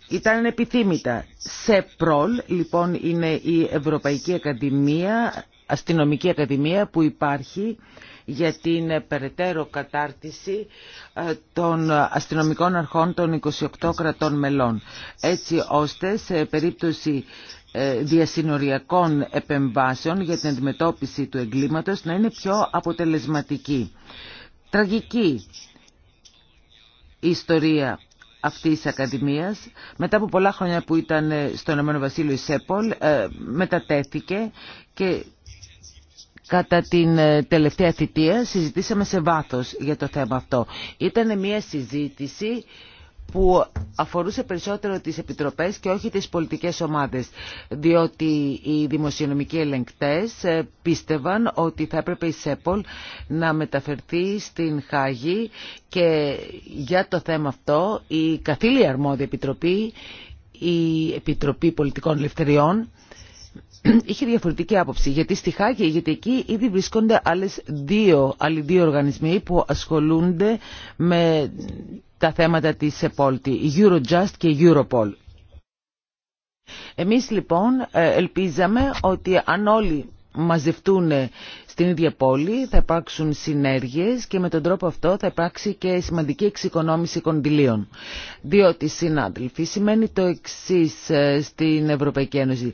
Ήταν επιθύμητα. Σε προλ, λοιπόν, είναι η Ευρωπαϊκή Ακαδημία, Αστυνομική Ακαδημία που υπάρχει για την περαιτέρω κατάρτιση ε, των αστυνομικών αρχών των 28 κρατών μελών. Έτσι ώστε σε περίπτωση ε, διασυνοριακών επεμβάσεων για την αντιμετώπιση του εγκλήματος να είναι πιο αποτελεσματική. Τραγική η ιστορία αυτής της Ακαδημίας. Μετά από πολλά χρόνια που ήταν ε, στον Ηνωμένο Βασίλειο ΣΕΠΟΛ ε, μετατέθηκε και Κατά την τελευταία θητεία συζητήσαμε σε βάθος για το θέμα αυτό. Ήταν μια συζήτηση που αφορούσε περισσότερο τις επιτροπές και όχι τις πολιτικές ομάδες, διότι οι δημοσιονομικοί ελεγκτές ε, πίστευαν ότι θα έπρεπε η ΣΕΠΟΛ να μεταφερθεί στην Χάγη και για το θέμα αυτό η καθήλια αρμόδια επιτροπή, η Επιτροπή Πολιτικών Ελευθεριών, είχε διαφορετική άποψη γιατί στη Χάγη γιατί εκεί ήδη βρισκόνται άλλες δύο, άλλοι δύο οργανισμοί που ασχολούνται με τα θέματα της επόλτη, Eurojust και Europol. Εμείς λοιπόν ε, ελπίζαμε ότι αν όλοι μαζευτούν στην ίδια πόλη, θα υπάρξουν συνέργειες και με τον τρόπο αυτό θα υπάρξει και σημαντική εξοικονόμηση κονδυλίων. Διότι, συνάδελφοι, σημαίνει το εξή ε, στην Ευρωπαϊκή Ένωση.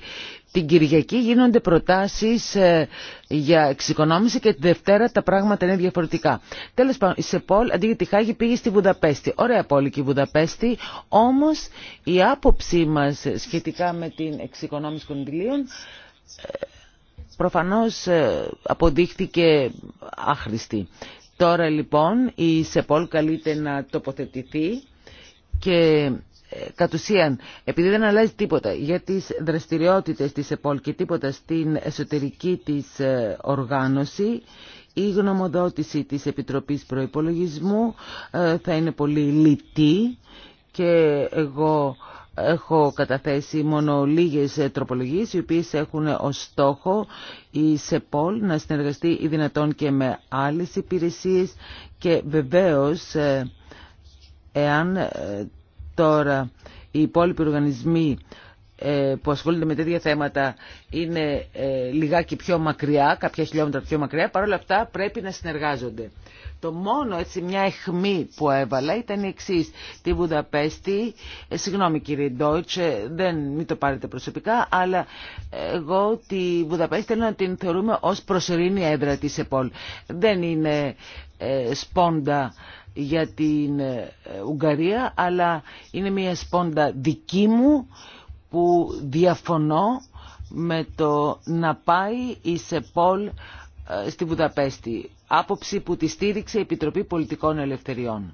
Την Κυριακή γίνονται προτάσεις ε, για εξοικονόμηση και τη Δευτέρα τα πράγματα είναι διαφορετικά. Τέλος πάντων, η ΣΕΠΟΛ αντί για τη Χάγη πήγε στη Βουδαπέστη. Ωραία πόλη και η Βουδαπέστη, όμως η άποψή μας σχετικά με την εξοικονόμηση κονδυλίων ε, προφανώς ε, αποδείχθηκε άχρηστη. Τώρα λοιπόν η ΣΕΠΟΛ καλείται να τοποθετηθεί και ε, κατ' ουσίαν, επειδή δεν αλλάζει τίποτα για τις δραστηριότητες της ΣΕΠΟΛ και τίποτα στην εσωτερική της ε, οργάνωση, η γνωμοδότηση της Επιτροπής Προϋπολογισμού θα είναι πολύ λιτή και εγώ Έχω καταθέσει μόνο λίγες τροπολογίες οι οποίες έχουν ως στόχο η ΣΕΠΟΛ να συνεργαστεί ή δυνατόν και με άλλες υπηρεσίες και βεβαίως ε, εάν ε, τώρα οι υπόλοιποι οργανισμοί ε, που ασχολούνται με τέτοια θέματα είναι ε, λιγάκι πιο μακριά, κάποια χιλιόμετρα πιο μακριά, παρόλα αυτά πρέπει να συνεργάζονται. Το μόνο έτσι μια εχμή που έβαλα ήταν η εξή. Τη Βουδαπέστη, ε, συγγνώμη κύριε Ντόιτσε, δεν μην το πάρετε προσωπικά, αλλά εγώ τη Βουδαπέστη θέλω να την θεωρούμε ως προσωρινή έδρα της ΕΠΟΛ. Δεν είναι ε, σπόντα για την Ουγγαρία, αλλά είναι μια σπόντα δική μου που διαφωνώ με το να πάει η ΣΕΠΟΛ ε, στη Βουδαπέστη. Άποψη που τη στήριξε η Επιτροπή Πολιτικών Ελευθεριών.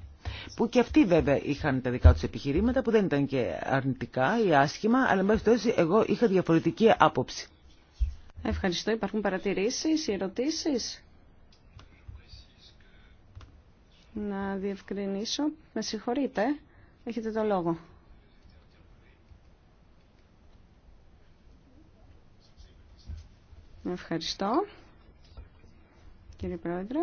Που και αυτοί βέβαια είχαν τα δικά τους επιχειρήματα που δεν ήταν και αρνητικά ή άσχημα, αλλά μέχρι εγώ είχα διαφορετική άποψη. Ευχαριστώ. Υπάρχουν παρατηρήσεις ή ερωτήσεις. Να διευκρινίσω. Με συγχωρείτε. Έχετε το λόγο. Ευχαριστώ, κύριε Πρόεδρε.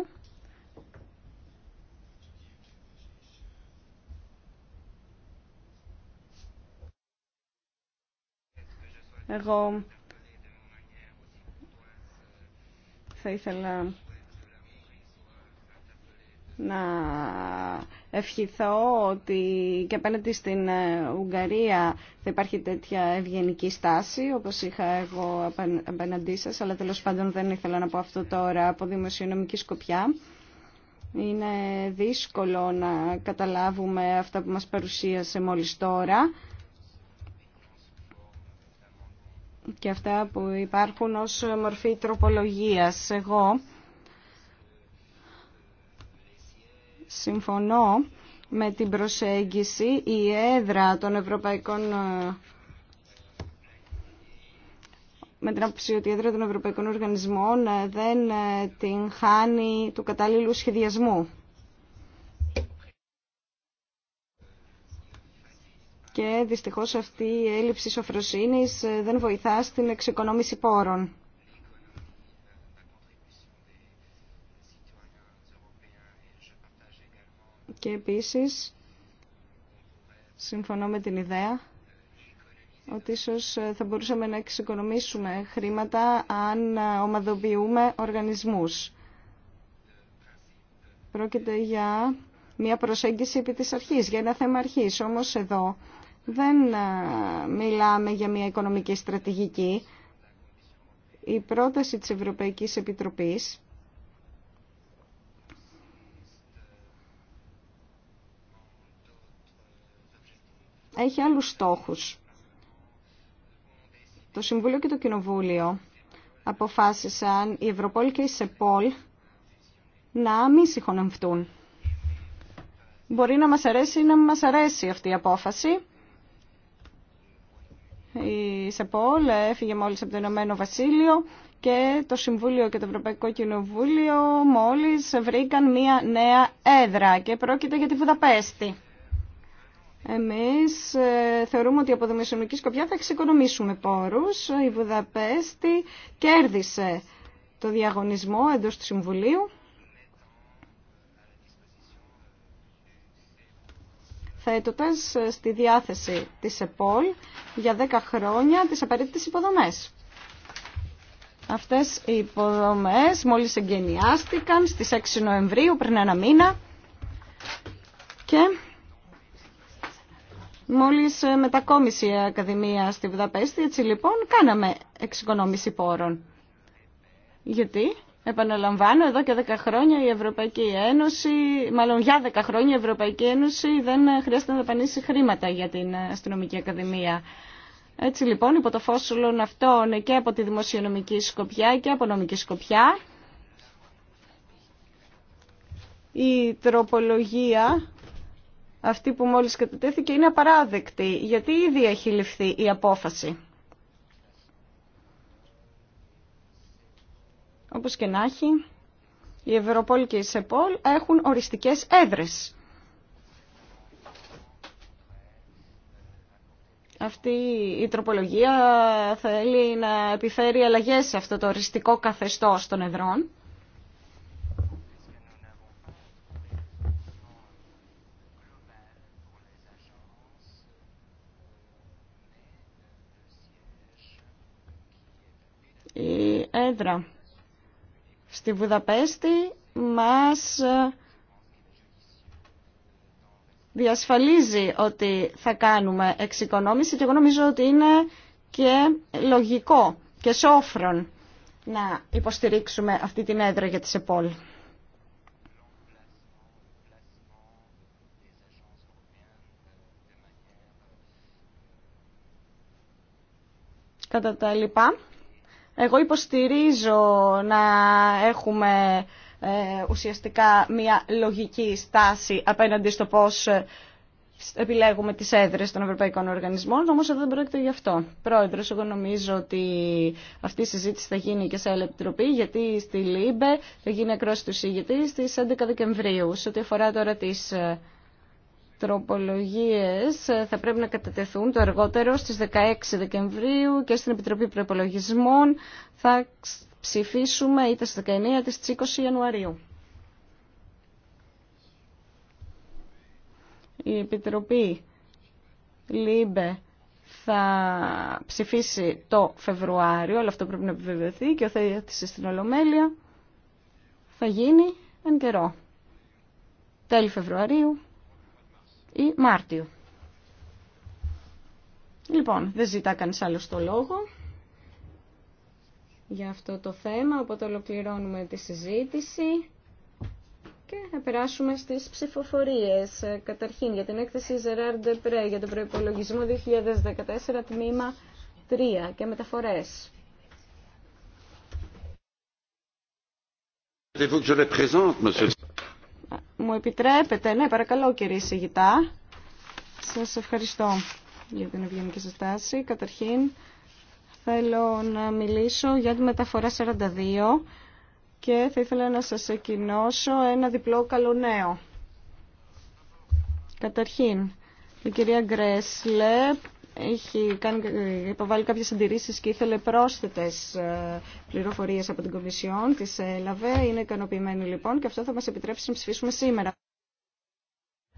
Εγώ θα ήθελα να ευχηθώ ότι και απέναντι στην ε, Ουγγαρία θα υπάρχει τέτοια ευγενική στάση, όπως είχα εγώ απέναντί σας, αλλά τέλος πάντων δεν ήθελα να πω αυτό τώρα από δημοσιονομική σκοπιά. Είναι δύσκολο να καταλάβουμε αυτά που μας παρουσίασε μόλις τώρα και αυτά που υπάρχουν ως μορφή τροπολογίας. Εγώ Συμφωνώ με την προσέγγιση η έδρα των ευρωπαϊκών ε, με την άποψη ότι η έδρα των ευρωπαϊκών οργανισμών ε, δεν ε, την χάνει του κατάλληλου σχεδιασμού. Και δυστυχώς αυτή η έλλειψη σοφροσύνης δεν βοηθά στην εξοικονόμηση πόρων. Και επίσης, συμφωνώ με την ιδέα ότι ίσως ε, θα μπορούσαμε να εξοικονομήσουμε χρήματα αν ε, ομαδοποιούμε οργανισμούς. Πρόκειται για μια προσέγγιση επί της αρχής, για ένα θέμα αρχής. Όμως εδώ δεν ε, μιλάμε για μια οικονομική στρατηγική. Η πρόταση της Ευρωπαϊκής Επιτροπής έχει άλλους στόχους. Το Συμβούλιο και το Κοινοβούλιο αποφάσισαν η Ευρωπόλ και η ΣΕΠΟΛ να μην συγχωνευτούν. Μπορεί να μας αρέσει ή να μας αρέσει αυτή η απόφαση. Η ΣΕΠΟΛ έφυγε μόλις από το Ηνωμένο Βασίλειο και το Συμβούλιο και το Ευρωπαϊκό Κοινοβούλιο μόλις βρήκαν μία νέα έδρα και πρόκειται για τη Βουδαπέστη. Εμείς ε, θεωρούμε ότι από δημοσιονομική σκοπιά θα εξοικονομήσουμε πόρους. Η Βουδαπέστη κέρδισε το διαγωνισμό εντός του Συμβουλίου. θέτοντας ε, στη διάθεση της ΕΠΟΛ για 10 χρόνια τις απαραίτητες υποδομές. Αυτές οι υποδομές μόλις εγκαινιάστηκαν στις 6 Νοεμβρίου πριν ένα μήνα και μόλις ε, μετακόμισε η Ακαδημία στη Βουδαπέστη, έτσι λοιπόν κάναμε εξοικονόμηση πόρων. Γιατί, επαναλαμβάνω, εδώ και 10 χρόνια η Ευρωπαϊκή Ένωση, μάλλον για 10 χρόνια η Ευρωπαϊκή Ένωση δεν χρειάζεται να δαπανίσει χρήματα για την Αστυνομική Ακαδημία. Έτσι λοιπόν, υπό το φως όλων αυτών και από τη δημοσιονομική σκοπιά και από νομική σκοπιά, η τροπολογία αυτή που μόλις κατατέθηκε είναι απαράδεκτη, γιατί ήδη έχει ληφθεί η απόφαση. Όπως και να έχει, η Ευρωπόλ και η ΣΕΠΟΛ έχουν οριστικές έδρες. Αυτή η τροπολογία θέλει να επιφέρει αλλαγές σε αυτό το οριστικό καθεστώς των εδρών. η έδρα στη Βουδαπέστη μας ε, διασφαλίζει ότι θα κάνουμε εξοικονόμηση και εγώ νομίζω ότι είναι και λογικό και σόφρον να υποστηρίξουμε αυτή την έδρα για τις ΕΠΟΛ. Κατά τα λοιπά, εγώ υποστηρίζω να έχουμε ε, ουσιαστικά μια λογική στάση απέναντι στο πώς ε, επιλέγουμε τις έδρες των ευρωπαϊκών οργανισμών, όμως εδώ δεν πρόκειται γι' αυτό. Πρόεδρος, εγώ νομίζω ότι αυτή η συζήτηση θα γίνει και σε άλλη επιτροπή, γιατί στη ΛΥΜΠΕ θα γίνει ακρόση του ηγετή στις 11 Δεκεμβρίου. Σε ό,τι αφορά τώρα τις ε, τροπολογίες θα πρέπει να κατατεθούν το αργότερο στις 16 Δεκεμβρίου και στην Επιτροπή Προπολογισμών θα ψηφίσουμε είτε στις 19 είτε στις 20 Ιανουαρίου. Η Επιτροπή ΛΥΜΠΕ θα ψηφίσει το Φεβρουάριο, αλλά αυτό πρέπει να επιβεβαιωθεί και ο θέατης στην Ολομέλεια θα γίνει εν καιρό. Τέλη Φεβρουαρίου ή Μάρτιο. Λοιπόν, δεν ζητά κανείς άλλο το λόγο για αυτό το θέμα, οπότε ολοκληρώνουμε τη συζήτηση και θα περάσουμε στις ψηφοφορίες. Καταρχήν για την έκθεση Gerard Depré για τον προϋπολογισμό 2014 τμήμα 3 και μεταφορές μου επιτρέπετε. Ναι, παρακαλώ κύριε Σιγητά. Σας ευχαριστώ για την ευγενική σας τάση. Καταρχήν θέλω να μιλήσω για τη μεταφορά 42 και θα ήθελα να σας εκκοινώσω ένα διπλό καλό νέο. Καταρχήν, η κυρία Γκρέσλε έχει υποβάλει κάποιες αντιρρήσεις και ήθελε πρόσθετες ε, πληροφορίες από την Κομισιόν, τι έλαβε, είναι ικανοποιημένη λοιπόν και αυτό θα μας επιτρέψει να ψηφίσουμε σήμερα.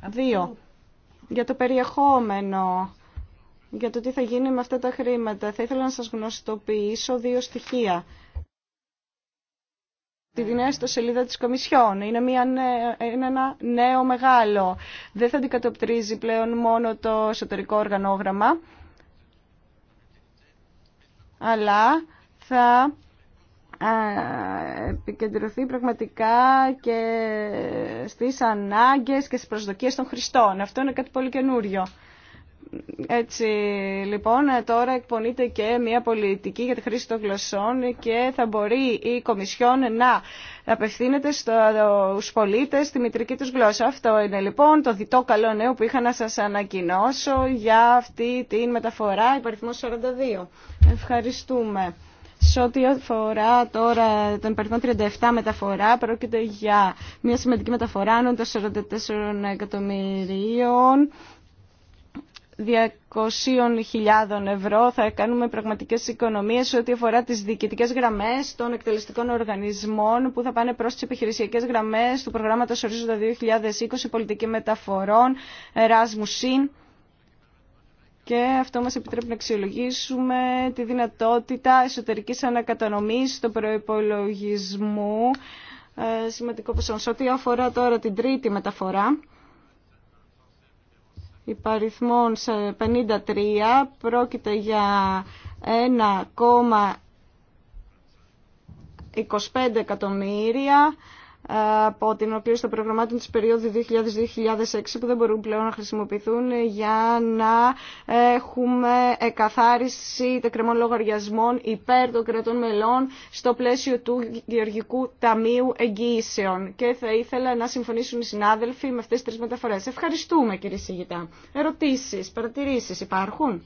Δύο. Για το περιεχόμενο, για το τι θα γίνει με αυτά τα χρήματα, θα ήθελα να σας γνωστοποιήσω δύο στοιχεία τη νέα σελίδα της Κομισιόν. Είναι, μια είναι ένα νέο μεγάλο. Δεν θα αντικατοπτρίζει πλέον μόνο το εσωτερικό οργανόγραμμα, αλλά θα επικεντρωθεί πραγματικά και στις ανάγκες και στις προσδοκίες των χρηστών. Αυτό είναι κάτι πολύ καινούριο. Έτσι λοιπόν τώρα εκπονείται και μια πολιτική για τη χρήση των γλωσσών και θα μπορεί η Κομισιόν να απευθύνεται στους πολίτες τη μητρική τους γλώσσα. Αυτό είναι λοιπόν το διτό καλό νέο που είχα να σας ανακοινώσω για αυτή τη μεταφορά υπαριθμό 42. Ευχαριστούμε. Σε ό,τι αφορά τώρα τον υπαριθμό 37 μεταφορά, πρόκειται για μια σημαντική μεταφορά των 44 εκατομμυρίων 200.000 ευρώ θα κάνουμε πραγματικές οικονομίες ό,τι αφορά τι διοικητικέ γραμμές των εκτελεστικών οργανισμών που θα πάνε προ τι επιχειρησιακέ γραμμές του προγράμματος Ορίζοντα 2020, πολιτική μεταφορών, ΣΥΝ και αυτό μας επιτρέπει να αξιολογήσουμε τη δυνατότητα εσωτερικής ανακατανομής του προϋπολογισμού ε, σημαντικό ποσό. Σε ό,τι αφορά τώρα την τρίτη μεταφορά, υπαριθμών 53 πρόκειται για 1,25 εκατομμύρια από την οποία των προγραμμάτων της περίοδου 2000-2006 που δεν μπορούν πλέον να χρησιμοποιηθούν για να έχουμε εκαθάριση τεκρεμών λογαριασμών υπέρ των κρατών μελών στο πλαίσιο του Γεωργικού Ταμείου Εγγύησεων. Και θα ήθελα να συμφωνήσουν οι συνάδελφοι με αυτές τις τρεις μεταφορές. Ευχαριστούμε κύριε Σιγητά. Ερωτήσεις, παρατηρήσεις υπάρχουν.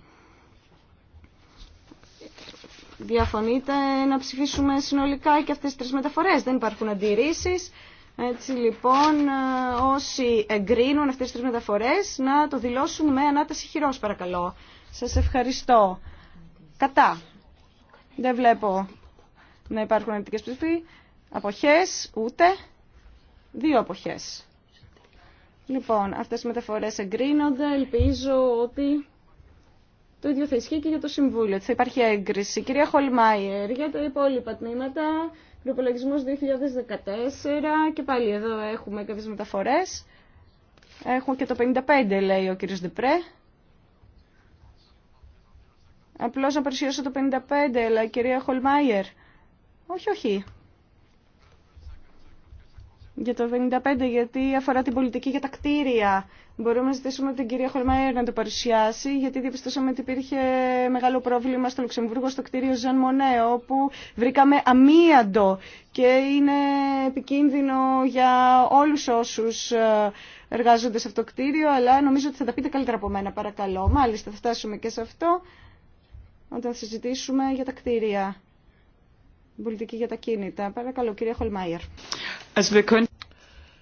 Διαφωνείτε να ψηφίσουμε συνολικά και αυτές τις τρεις μεταφορές. Δεν υπάρχουν αντιρρήσεις. Έτσι λοιπόν ε, όσοι εγκρίνουν αυτές τις τρεις μεταφορές να το δηλώσουν με ανάταση χειρός παρακαλώ. Σας ευχαριστώ. Κατά. Δεν βλέπω να υπάρχουν αρνητικές ψηφί. Αποχές ούτε. Δύο αποχές. Λοιπόν, αυτές οι μεταφορές εγκρίνονται. Ελπίζω ότι το ίδιο θα ισχύει και για το Συμβούλιο, ότι θα υπάρχει έγκριση. Κυρία Χολμάιερ, για τα υπόλοιπα τμήματα, προπολογισμό 2014 και πάλι εδώ έχουμε κάποιε μεταφορέ. Έχουμε και το 55, λέει ο κύριος Δεπρέ. Απλώς να παρουσιάσω το 55, αλλά κυρία Χολμάιερ. Όχι, όχι για το 55, γιατί αφορά την πολιτική για τα κτίρια. Μπορούμε να ζητήσουμε την κυρία Χολμαέρ να το παρουσιάσει γιατί διαπιστώσαμε ότι υπήρχε μεγάλο πρόβλημα στο Λουξεμβούργο στο κτίριο Ζαν Μονέ όπου βρήκαμε αμίαντο και είναι επικίνδυνο για όλους όσους ε, εργάζονται σε αυτό το κτίριο αλλά νομίζω ότι θα τα πείτε καλύτερα από μένα παρακαλώ. Μάλιστα θα φτάσουμε και σε αυτό όταν συζητήσουμε για τα κτίρια. Πολιτική για τα κίνητα. Παρακαλώ, κυρία Χολμάιερ.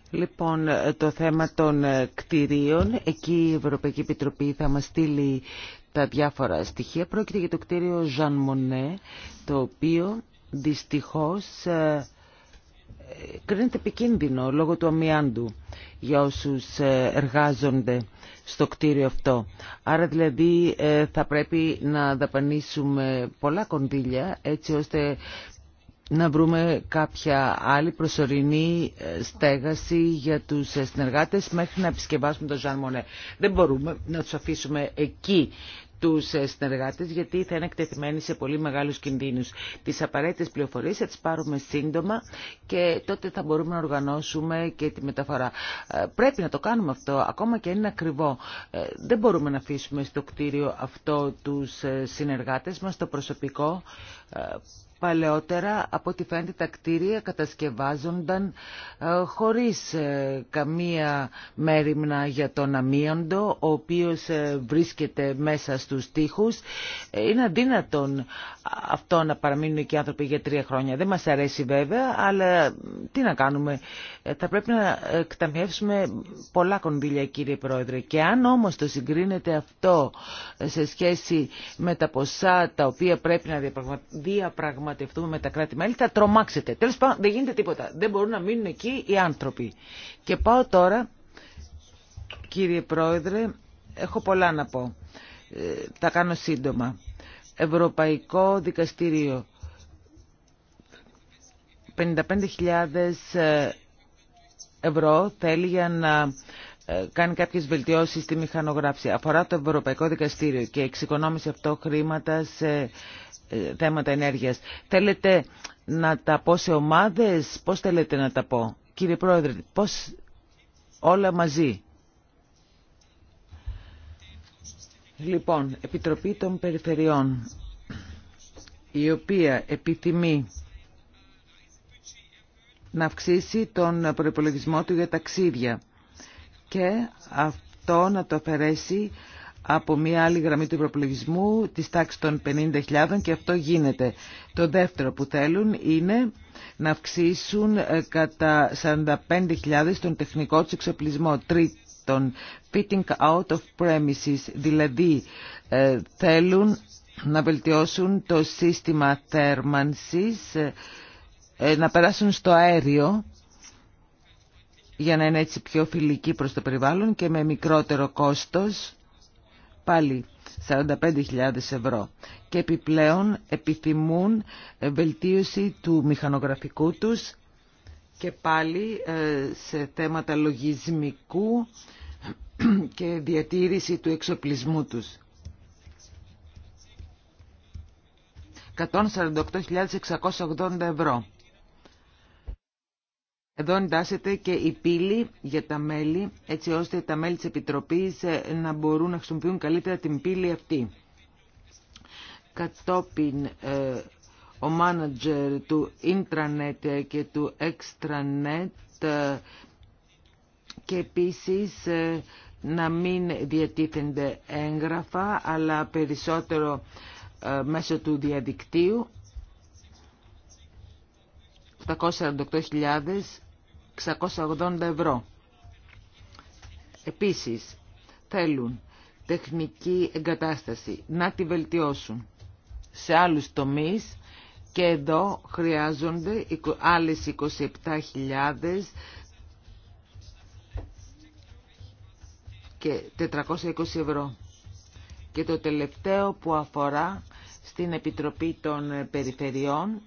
Λοιπόν, το θέμα των ε, κτηρίων, εκεί η Ευρωπαϊκή Επιτροπή θα μας στείλει τα διάφορα στοιχεία. Πρόκειται για το κτίριο Ζαν Μονέ, το οποίο δυστυχώς ε, κρίνεται επικίνδυνο λόγω του αμοιάντου για όσους ε, εργάζονται στο κτίριο αυτό. Άρα δηλαδή θα πρέπει να δαπανίσουμε πολλά κονδύλια έτσι ώστε να βρούμε κάποια άλλη προσωρινή ε, στέγαση για τους ε, συνεργάτες μέχρι να επισκευάσουμε τον Ζαν Μονέ. Δεν μπορούμε να τους αφήσουμε εκεί τους ε, συνεργάτες γιατί θα είναι εκτεθειμένοι σε πολύ μεγάλους κινδύνους. Τις απαραίτητες πληροφορίες θα τις πάρουμε σύντομα και τότε θα μπορούμε να οργανώσουμε και τη μεταφορά. Πρέπει να το κάνουμε αυτό, ακόμα και αν είναι ακριβό. Δεν μπορούμε να αφήσουμε στο κτίριο αυτό τους συνεργάτες μας, το προσωπικό Παλαιότερα, από ό,τι φαίνεται, τα κτίρια κατασκευάζονταν ε, χωρίς ε, καμία μέρημνα για τον αμύοντο, ο οποίος ε, βρίσκεται μέσα στους τοίχους. Είναι αδύνατον αυτό να παραμείνουν εκεί οι άνθρωποι για τρία χρόνια. Δεν μας αρέσει βέβαια, αλλά τι να κάνουμε. Ε, θα πρέπει να εκταμιεύσουμε πολλά κονδύλια κύριε Πρόεδρε. Και αν όμως το συγκρίνεται αυτό σε σχέση με τα ποσά τα οποία πρέπει να διαπραγματευτούμε με τα κράτη-μέλη, θα τρομάξετε. Τέλος πάντων δεν γίνεται τίποτα. Δεν μπορούν να μείνουν εκεί οι άνθρωποι. Και πάω τώρα, κύριε Πρόεδρε, έχω πολλά να πω. Τα ε, κάνω σύντομα. Ευρωπαϊκό Δικαστήριο. 55.000 ε, ευρώ θέλει για να ε, κάνει κάποιες βελτιώσεις στη μηχανογράφηση. Αφορά το Ευρωπαϊκό Δικαστήριο και εξοικονόμησε αυτό χρήματα σε ε, θέματα ενέργειας. Θέλετε να τα πω σε ομάδες, πώς θέλετε να τα πω. Κύριε Πρόεδρε, πώς όλα μαζί. Λοιπόν, Επιτροπή των Περιφερειών, η οποία επιθυμεί να αυξήσει τον προπολογισμό του για ταξίδια και αυτό να το αφαιρέσει από μια άλλη γραμμή του προπολογισμού της τάξης των 50.000 και αυτό γίνεται. Το δεύτερο που θέλουν είναι να αυξήσουν ε, κατά 45.000 τον τεχνικό του εξοπλισμό των fitting out of premises, δηλαδή ε, θέλουν να βελτιώσουν το σύστημα θέρμανσης, ε, να περάσουν στο αέριο για να είναι έτσι πιο φιλική προς το περιβάλλον και με μικρότερο κόστος, πάλι 45.000 ευρώ. Και επιπλέον επιθυμούν βελτίωση του μηχανογραφικού τους και πάλι ε, σε θέματα λογισμικού [CLEARS THROAT] και διατήρηση του εξοπλισμού τους. 148.680 ευρώ. Εδώ εντάσσεται και η πύλη για τα μέλη, έτσι ώστε τα μέλη της Επιτροπής ε, να μπορούν να χρησιμοποιούν καλύτερα την πύλη αυτή. Κατόπιν ε, ο μάνατζερ του intranet και του extranet και επίσης να μην διατίθενται έγγραφα αλλά περισσότερο ε, μέσω του διαδικτύου 748.680 ευρώ. Επίσης θέλουν τεχνική εγκατάσταση να τη βελτιώσουν σε άλλους τομείς και εδώ χρειάζονται άλλες 27.000 και 420 ευρώ. Και το τελευταίο που αφορά στην Επιτροπή των Περιφερειών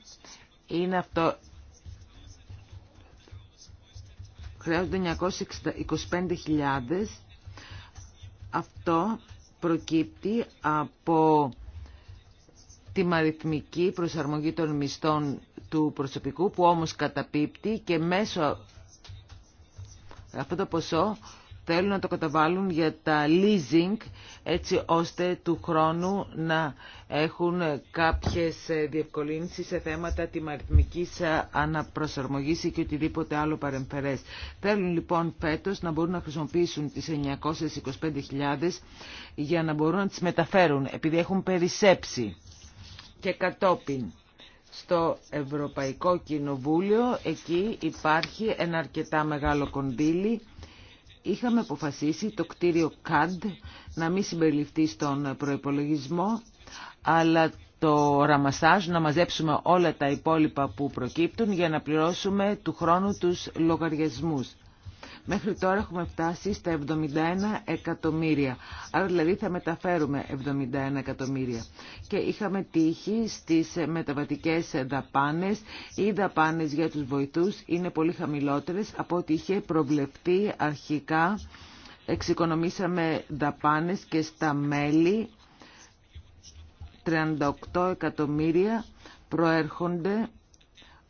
είναι αυτό. Χρειάζονται 925.000. Αυτό προκύπτει από τιμαριθμική προσαρμογή των μισθών του προσωπικού που όμως καταπίπτει και μέσω αυτό το ποσό θέλουν να το καταβάλουν για τα leasing έτσι ώστε του χρόνου να έχουν κάποιες διευκολύνσεις σε θέματα τη μαριθμική αναπροσαρμογής και οτιδήποτε άλλο παρεμφερές. Θέλουν λοιπόν φέτος να μπορούν να χρησιμοποιήσουν τις 925.000 για να μπορούν να τις μεταφέρουν επειδή έχουν περισσέψει και κατόπιν στο Ευρωπαϊκό Κοινοβούλιο εκεί υπάρχει ένα αρκετά μεγάλο κονδύλι είχαμε αποφασίσει το κτίριο ΚΑΝΤ να μην συμπεριληφθεί στον προϋπολογισμό αλλά το ραμασάζ να μαζέψουμε όλα τα υπόλοιπα που προκύπτουν για να πληρώσουμε του χρόνου τους λογαριασμούς. Μέχρι τώρα έχουμε φτάσει στα 71 εκατομμύρια. Άρα δηλαδή θα μεταφέρουμε 71 εκατομμύρια. Και είχαμε τύχη στις μεταβατικές δαπάνες. Οι δαπάνες για τους βοηθούς είναι πολύ χαμηλότερες από ό,τι είχε προβλεφτεί αρχικά. Εξοικονομήσαμε δαπάνες και στα μέλη 38 εκατομμύρια προέρχονται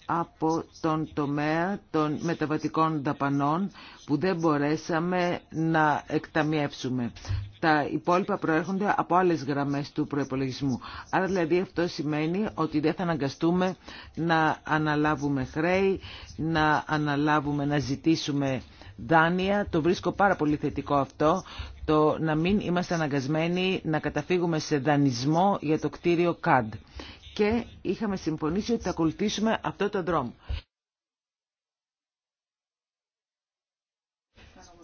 από τον τομέα των μεταβατικών δαπανών που δεν μπορέσαμε να εκταμιεύσουμε. Τα υπόλοιπα προέρχονται από άλλες γραμμές του προϋπολογισμού. Άρα δηλαδή αυτό σημαίνει ότι δεν θα αναγκαστούμε να αναλάβουμε χρέη, να αναλάβουμε, να ζητήσουμε δάνεια. Το βρίσκω πάρα πολύ θετικό αυτό, το να μην είμαστε αναγκασμένοι να καταφύγουμε σε δανεισμό για το κτίριο CAD και είχαμε συμφωνήσει ότι θα ακολουθήσουμε αυτό τον δρόμο.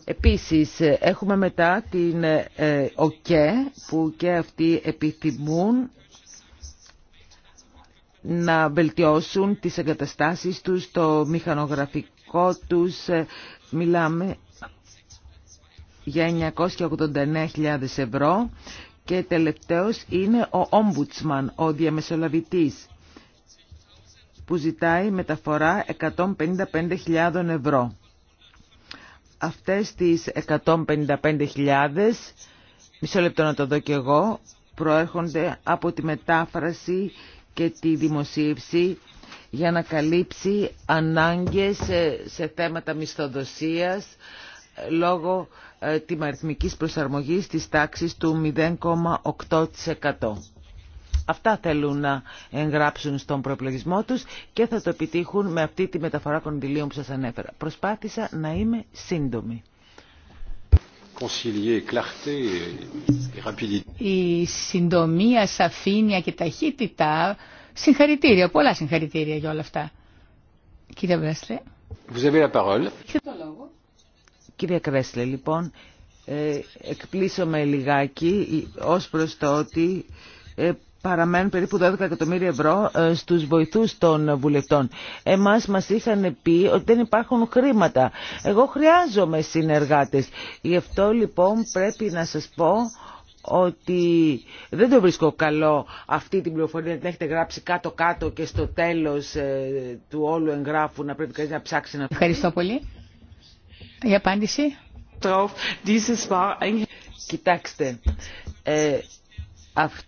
Επίσης έχουμε μετά την ε, ΟΚΕ που και αυτοί επιθυμούν να βελτιώσουν τις εγκαταστάσεις τους, το μηχανογραφικό τους. Ε, μιλάμε για 989.000 ευρώ και τελευταίος είναι ο Ombudsman, ο διαμεσολαβητής, που ζητάει μεταφορά 155.000 ευρώ. Αυτές τις 155.000, μισό λεπτό να το δω κι εγώ, προέρχονται από τη μετάφραση και τη δημοσίευση για να καλύψει ανάγκες σε, σε θέματα μισθοδοσίας, λόγω ε, τιμαριθμικής προσαρμογής της τάξης του 0,8%. Αυτά θέλουν να εγγράψουν στον προεπλογισμό τους και θα το επιτύχουν με αυτή τη μεταφορά κονδυλίων που σας ανέφερα. Προσπάθησα να είμαι σύντομη. Η συντομία, σαφήνεια και ταχύτητα, συγχαρητήρια, πολλά συγχαρητήρια για όλα αυτά. Κύριε Βέστρε. το Κυρία Κρέσλε, λοιπόν, ε, εκπλήσωμε λιγάκι ως προς το ότι ε, παραμένουν περίπου 12 εκατομμύρια ευρώ ε, στους βοηθούς των βουλευτών. Εμάς μας είχαν πει ότι δεν υπάρχουν χρήματα. Εγώ χρειάζομαι συνεργάτες. Γι' αυτό λοιπόν πρέπει να σας πω ότι δεν το βρίσκω καλό αυτή την πληροφορία να την έχετε γράψει κάτω-κάτω και στο τέλος του όλου εγγράφου να πρέπει κανείς να ψάξει να... Ευχαριστώ πολύ. Η απάντηση. Κοιτάξτε, ε, αυτή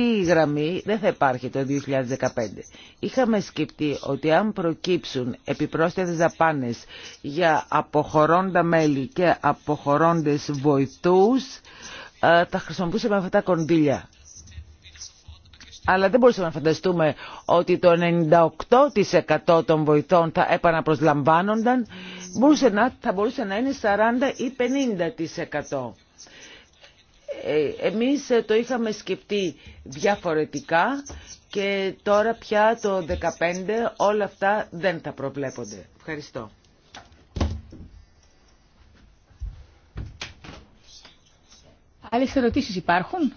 η γραμμή δεν θα υπάρχει το 2015. Είχαμε σκεφτεί ότι αν προκύψουν επιπρόσθετες δαπάνε για αποχωρώντα μέλη και αποχωρώντες βοηθούς, θα ε, χρησιμοποιούσαμε αυτά τα κονδύλια αλλά δεν μπορούσαμε να φανταστούμε ότι το 98% των βοηθών θα επαναπροσλαμβάνονταν, μπορούσε να, θα μπορούσε να είναι 40% ή 50%. Ε, εμείς ε, το είχαμε σκεφτεί διαφορετικά και τώρα πια το 15 όλα αυτά δεν θα προβλέπονται. Ευχαριστώ. Άλλες ερωτήσεις υπάρχουν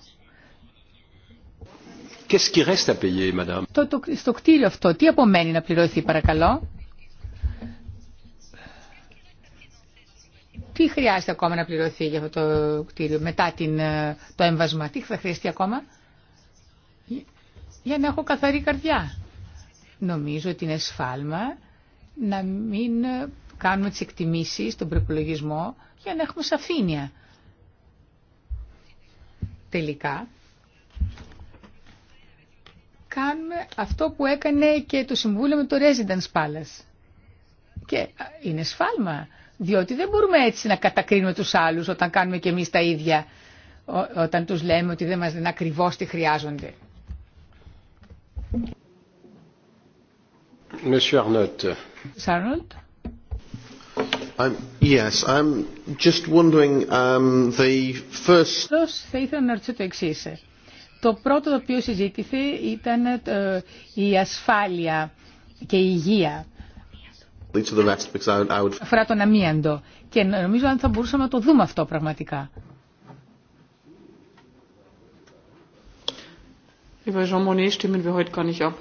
στο κτίριο αυτό, τι απομένει να πληρωθεί παρακαλώ. Τι χρειάζεται ακόμα να πληρωθεί για αυτό το κτίριο μετά ε, το έμβασμα, τι θα χρειαστεί ακόμα για να έχω καθαρή καρδιά. Νομίζω ότι είναι σφάλμα να μην ε, κάνουμε τις εκτιμήσεις τον προπολογισμό για να έχουμε σαφήνεια. Τελικά, κάνουμε αυτό που έκανε και το Συμβούλιο με το Residence Palace. Και είναι σφάλμα, διότι δεν μπορούμε έτσι να κατακρίνουμε τους άλλους όταν κάνουμε και εμείς τα ίδια, όταν τους λέμε ότι δεν μας λένε ακριβώς τι χρειάζονται. Monsieur Arnott. yes, I'm just wondering um, the first... Θα ήθελα να ρωτήσω το εξής. Ε. Το πρώτο το οποίο συζήτηθη ήταν ε, η ασφάλεια και η υγεία. Αφορά τον αμίαντο. Και νομίζω αν θα μπορούσαμε να το δούμε αυτό πραγματικά. Über Jean Monnet stimmen wir heute gar nicht ab.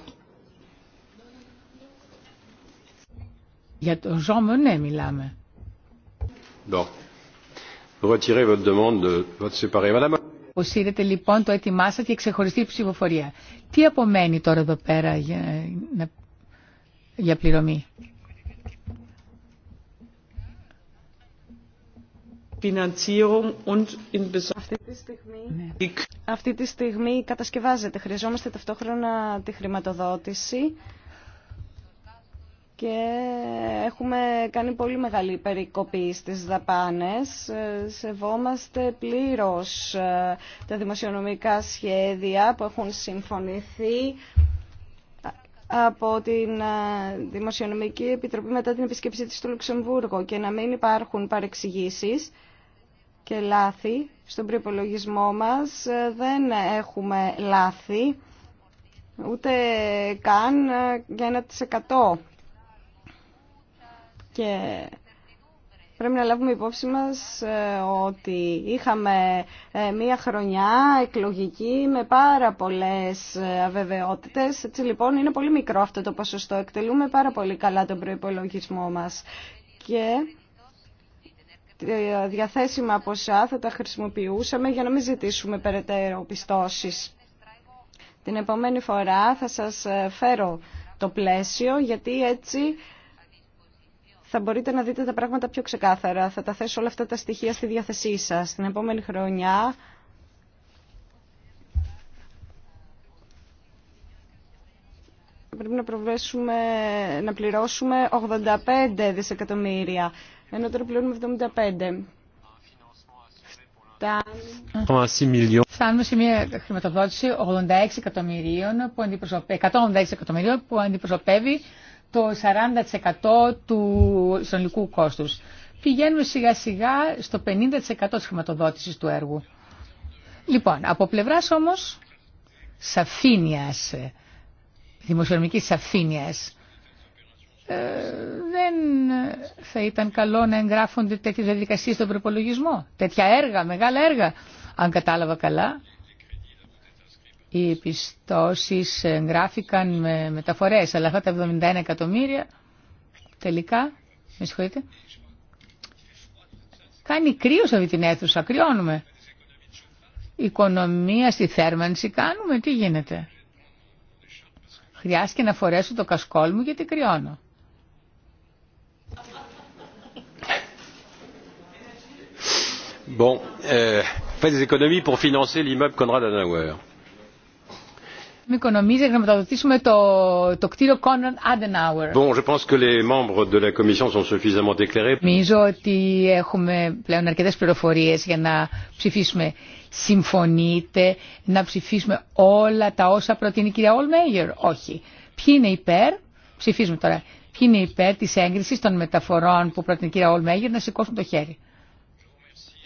Για τον Jean Monnet μιλάμε. Bon. Retirez votre demande de vote séparé. Madame. Αποσύρετε λοιπόν το έτοιμά σα για ξεχωριστή ψηφοφορία. Τι απομένει τώρα εδώ πέρα για, για πληρωμή. Αυτή τη, στιγμή, ναι. αυτή τη στιγμή κατασκευάζεται. Χρειαζόμαστε ταυτόχρονα τη χρηματοδότηση και έχουμε κάνει πολύ μεγάλη περικοπή στις δαπάνες. Σεβόμαστε πλήρως ε, τα δημοσιονομικά σχέδια που έχουν συμφωνηθεί από την ε, Δημοσιονομική Επιτροπή μετά την επισκέψη της στο Λουξεμβούργο και να μην υπάρχουν παρεξηγήσεις και λάθη. Στον προπολογισμό μας ε, δεν έχουμε λάθη, ούτε καν για 1%. Και πρέπει να λάβουμε υπόψη μας ε, ότι είχαμε ε, μία χρονιά εκλογική με πάρα πολλές ε, αβεβαιότητες. Έτσι λοιπόν είναι πολύ μικρό αυτό το ποσοστό. Εκτελούμε πάρα πολύ καλά τον προϋπολογισμό μας. Και διαθέσιμα ποσά θα τα χρησιμοποιούσαμε για να μην ζητήσουμε περαιτέρω πιστώσεις. Την επόμενη φορά θα σας φέρω το πλαίσιο γιατί έτσι θα μπορείτε να δείτε τα πράγματα πιο ξεκάθαρα. Θα τα θέσω όλα αυτά τα στοιχεία στη διάθεσή σας. Την επόμενη χρονιά πρέπει να προβλέψουμε να πληρώσουμε 85 δισεκατομμύρια, ενώ τώρα πληρώνουμε 75. Φτάνουμε σε μια χρηματοδότηση 86 εκατομμυρίων που 186 εκατομμυρίων που αντιπροσωπεύει το 40% του συνολικού κόστους. κόστους. σιγά σιγά στο 50% της χρηματοδότησης του έργου. Λοιπόν, από πλευράς όμως σαφήνειας, ε, δημοσιονομικής σαφήνειας, ε, δεν θα ήταν καλό να εγγράφονται τέτοιες διαδικασίες στον προπολογισμό. Τέτοια έργα, μεγάλα έργα, αν κατάλαβα καλά, οι επιστώσεις γράφηκαν με μεταφορές, αλλά αυτά τα 71 εκατομμύρια τελικά, με συγχωρείτε, κάνει κρύο σε αυτή την αίθουσα, κρυώνουμε. Οικονομία στη θέρμανση κάνουμε, τι γίνεται. Χρειάστηκε να φορέσω το κασκόλ μου γιατί κρυώνω. Bon, euh, fait des économies pour financer l'immeuble Conrad Adenauer οικονομίες για να μεταδοτήσουμε το, κτίριο Conrad Adenauer. Bon, je pense que les membres de la commission sont suffisamment éclairés. Νομίζω ότι έχουμε πλέον αρκετές πληροφορίες για να ψηφίσουμε. Συμφωνείτε να ψηφίσουμε όλα τα όσα προτείνει η κυρία Ολμέγερ. Όχι. Ποιοι είναι υπέρ, ψηφίζουμε τώρα, ποιοι είναι υπέρ της έγκρισης των μεταφορών που προτείνει η κυρία Ολμέγερ να σηκώσουν το χέρι.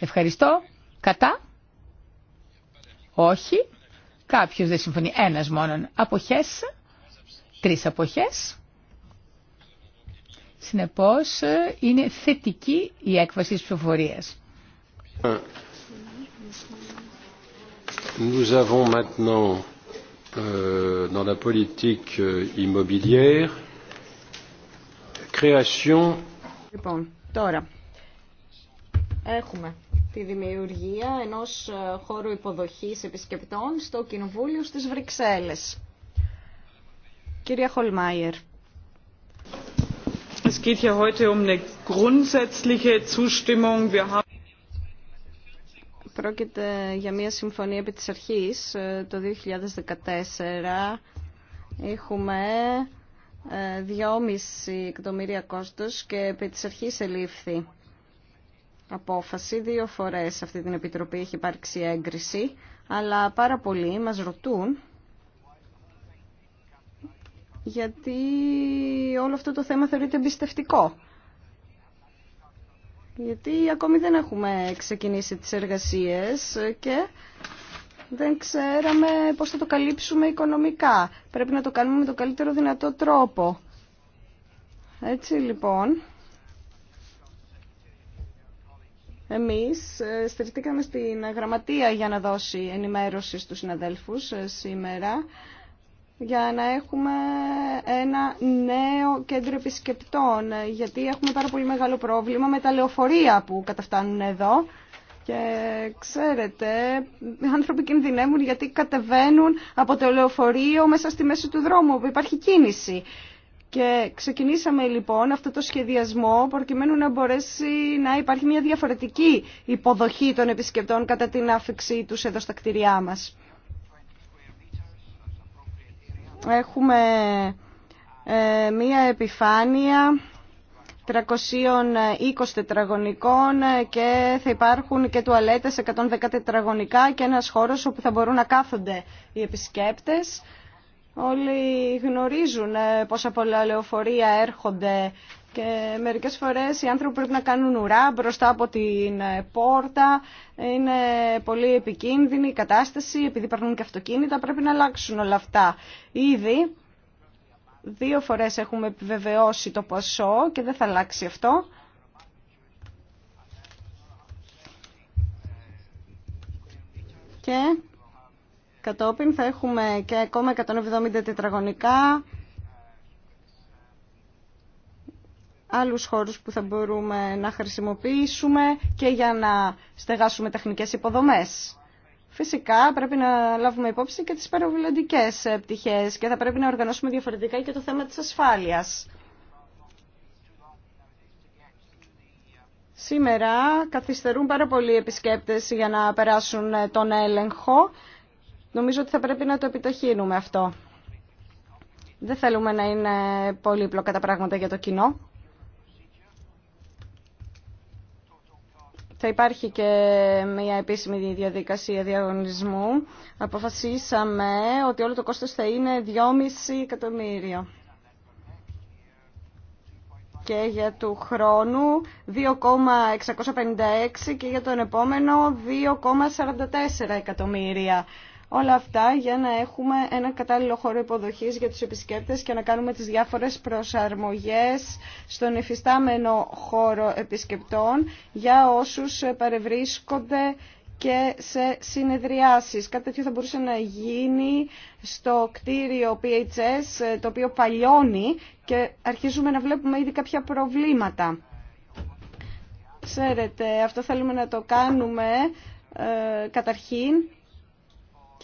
Ευχαριστώ. Κατά. Όχι. Κάποιος δεν συμφωνεί. Ένας μόνον. Αποχές. Τρεις αποχές. Συνεπώς ε, είναι θετική η έκβαση της ψηφοφορίας. Nous avons maintenant euh, dans la politique euh, immobilière création. Λοιπόν, τώρα έχουμε τη δημιουργία ενός ε, χώρου υποδοχής επισκεπτών στο Κοινοβούλιο στις Βρυξέλλες. Κυρία Χολμάιερ. Es geht hier heute um eine grundsätzliche Zustimmung. Wir haben Πρόκειται για μια συμφωνία επί της αρχής. Ε, το 2014 έχουμε 2,5 ε, εκατομμύρια κόστος και επί της αρχής ελήφθη απόφαση. Δύο φορές αυτή την Επιτροπή έχει υπάρξει έγκριση, αλλά πάρα πολλοί μας ρωτούν γιατί όλο αυτό το θέμα θεωρείται εμπιστευτικό. Γιατί ακόμη δεν έχουμε ξεκινήσει τις εργασίες και δεν ξέραμε πώς θα το καλύψουμε οικονομικά. Πρέπει να το κάνουμε με τον καλύτερο δυνατό τρόπο. Έτσι λοιπόν, Εμείς ε, στηριχτήκαμε στην γραμματεία για να δώσει ενημέρωση στους συναδέλφους ε, σήμερα για να έχουμε ένα νέο κέντρο επισκεπτών ε, γιατί έχουμε πάρα πολύ μεγάλο πρόβλημα με τα λεωφορεία που καταφτάνουν εδώ και ξέρετε, οι άνθρωποι κινδυνεύουν γιατί κατεβαίνουν από το λεωφορείο μέσα στη μέση του δρόμου που υπάρχει κίνηση. Και ξεκινήσαμε λοιπόν αυτό το σχεδιασμό προκειμένου να μπορέσει να υπάρχει μια διαφορετική υποδοχή των επισκεπτών κατά την άφηξή τους εδώ στα κτηριά μας. Έχουμε ε, μια επιφάνεια 320 τετραγωνικών ε, και θα υπάρχουν και τουαλέτες 110 τετραγωνικά και ένας χώρος όπου θα μπορούν να κάθονται οι επισκέπτες. Όλοι γνωρίζουν ε, πόσα πολλά λεωφορεία έρχονται και μερικές φορές οι άνθρωποι πρέπει να κάνουν ουρά μπροστά από την ε, πόρτα. Είναι πολύ επικίνδυνη η κατάσταση, επειδή παίρνουν και αυτοκίνητα, πρέπει να αλλάξουν όλα αυτά. Ήδη δύο φορές έχουμε επιβεβαιώσει το ποσό και δεν θα αλλάξει αυτό. Και Κατόπιν θα έχουμε και ακόμα 170 τετραγωνικά άλλους χώρους που θα μπορούμε να χρησιμοποιήσουμε και για να στεγάσουμε τεχνικές υποδομές. Φυσικά πρέπει να λάβουμε υπόψη και τις παροβιλαντικές πτυχές και θα πρέπει να οργανώσουμε διαφορετικά και το θέμα της ασφάλειας. Σήμερα καθυστερούν πάρα πολλοί επισκέπτες για να περάσουν τον έλεγχο Νομίζω ότι θα πρέπει να το επιταχύνουμε αυτό. Δεν θέλουμε να είναι πολύπλοκα τα πράγματα για το κοινό. Θα υπάρχει και μια επίσημη διαδικασία διαγωνισμού. Αποφασίσαμε ότι όλο το κόστος θα είναι 2,5 εκατομμύρια. Και για του χρόνου 2,656 και για τον επόμενο 2,44 εκατομμύρια. Όλα αυτά για να έχουμε ένα κατάλληλο χώρο υποδοχής για τους επισκέπτες και να κάνουμε τις διάφορες προσαρμογές στον εφιστάμενο χώρο επισκεπτών για όσους παρευρίσκονται και σε συνεδριάσεις. Κάτι τέτοιο θα μπορούσε να γίνει στο κτίριο PHS, το οποίο παλιώνει και αρχίζουμε να βλέπουμε ήδη κάποια προβλήματα. Ξέρετε, αυτό θέλουμε να το κάνουμε ε, καταρχήν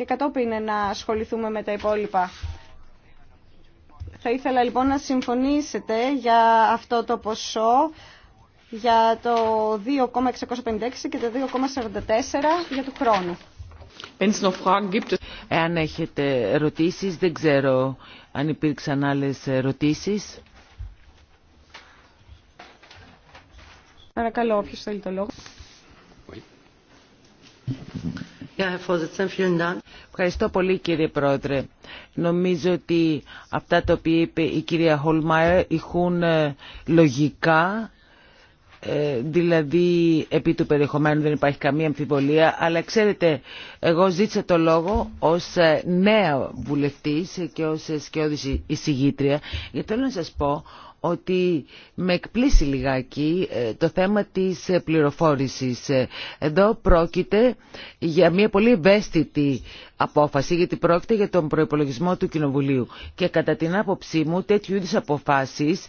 και κατόπιν να ασχοληθούμε με τα υπόλοιπα. Θα ήθελα λοιπόν να συμφωνήσετε για αυτό το ποσό για το 2,656 και το 2,44 για του χρόνου. Εάν έχετε ερωτήσεις, δεν ξέρω αν υπήρξαν άλλες ερωτήσεις. Παρακαλώ, όποιος θέλει το λόγο. Ευχαριστώ πολύ κύριε Πρόεδρε. Νομίζω ότι αυτά τα οποία είπε η κυρία Χολμάερ ηχούν ε, λογικά, ε, δηλαδή επί του περιεχομένου δεν υπάρχει καμία αμφιβολία, αλλά ξέρετε, εγώ ζήτησα το λόγο ως ε, νέα βουλευτής και ως σκιώδης εισηγήτρια, γιατί θέλω να σας πω ότι με εκπλήσει λιγάκι ε, το θέμα της ε, πληροφόρησης. Ε, εδώ πρόκειται για μια πολύ ευαίσθητη απόφαση, γιατί πρόκειται για τον προϋπολογισμό του Κοινοβουλίου. Και κατά την άποψή μου, τέτοιου είδους αποφάσεις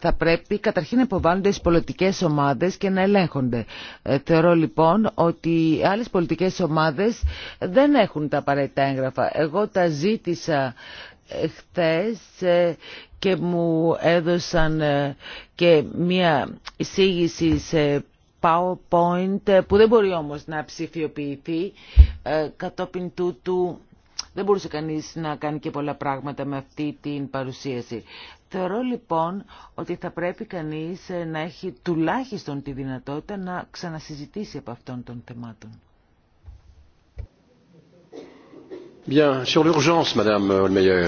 θα πρέπει καταρχήν να υποβάλλονται στις πολιτικές ομάδες και να ελέγχονται. Θεωρώ λοιπόν ότι άλλες πολιτικές ομάδες δεν έχουν τα απαραίτητα έγγραφα. Εγώ τα ζήτησα χθες ε, και μου έδωσαν ε, και μία εισήγηση σε PowerPoint ε, που δεν μπορεί όμως να ψηφιοποιηθεί κατόπιν τούτου δεν μπορούσε κανείς να κάνει και πολλά πράγματα με αυτή την παρουσίαση. Θεωρώ λοιπόν ότι θα πρέπει κανείς να έχει τουλάχιστον τη δυνατότητα να ξανασυζητήσει από αυτών των θεμάτων. Bien, sur l'urgence, Madame Holmeyer.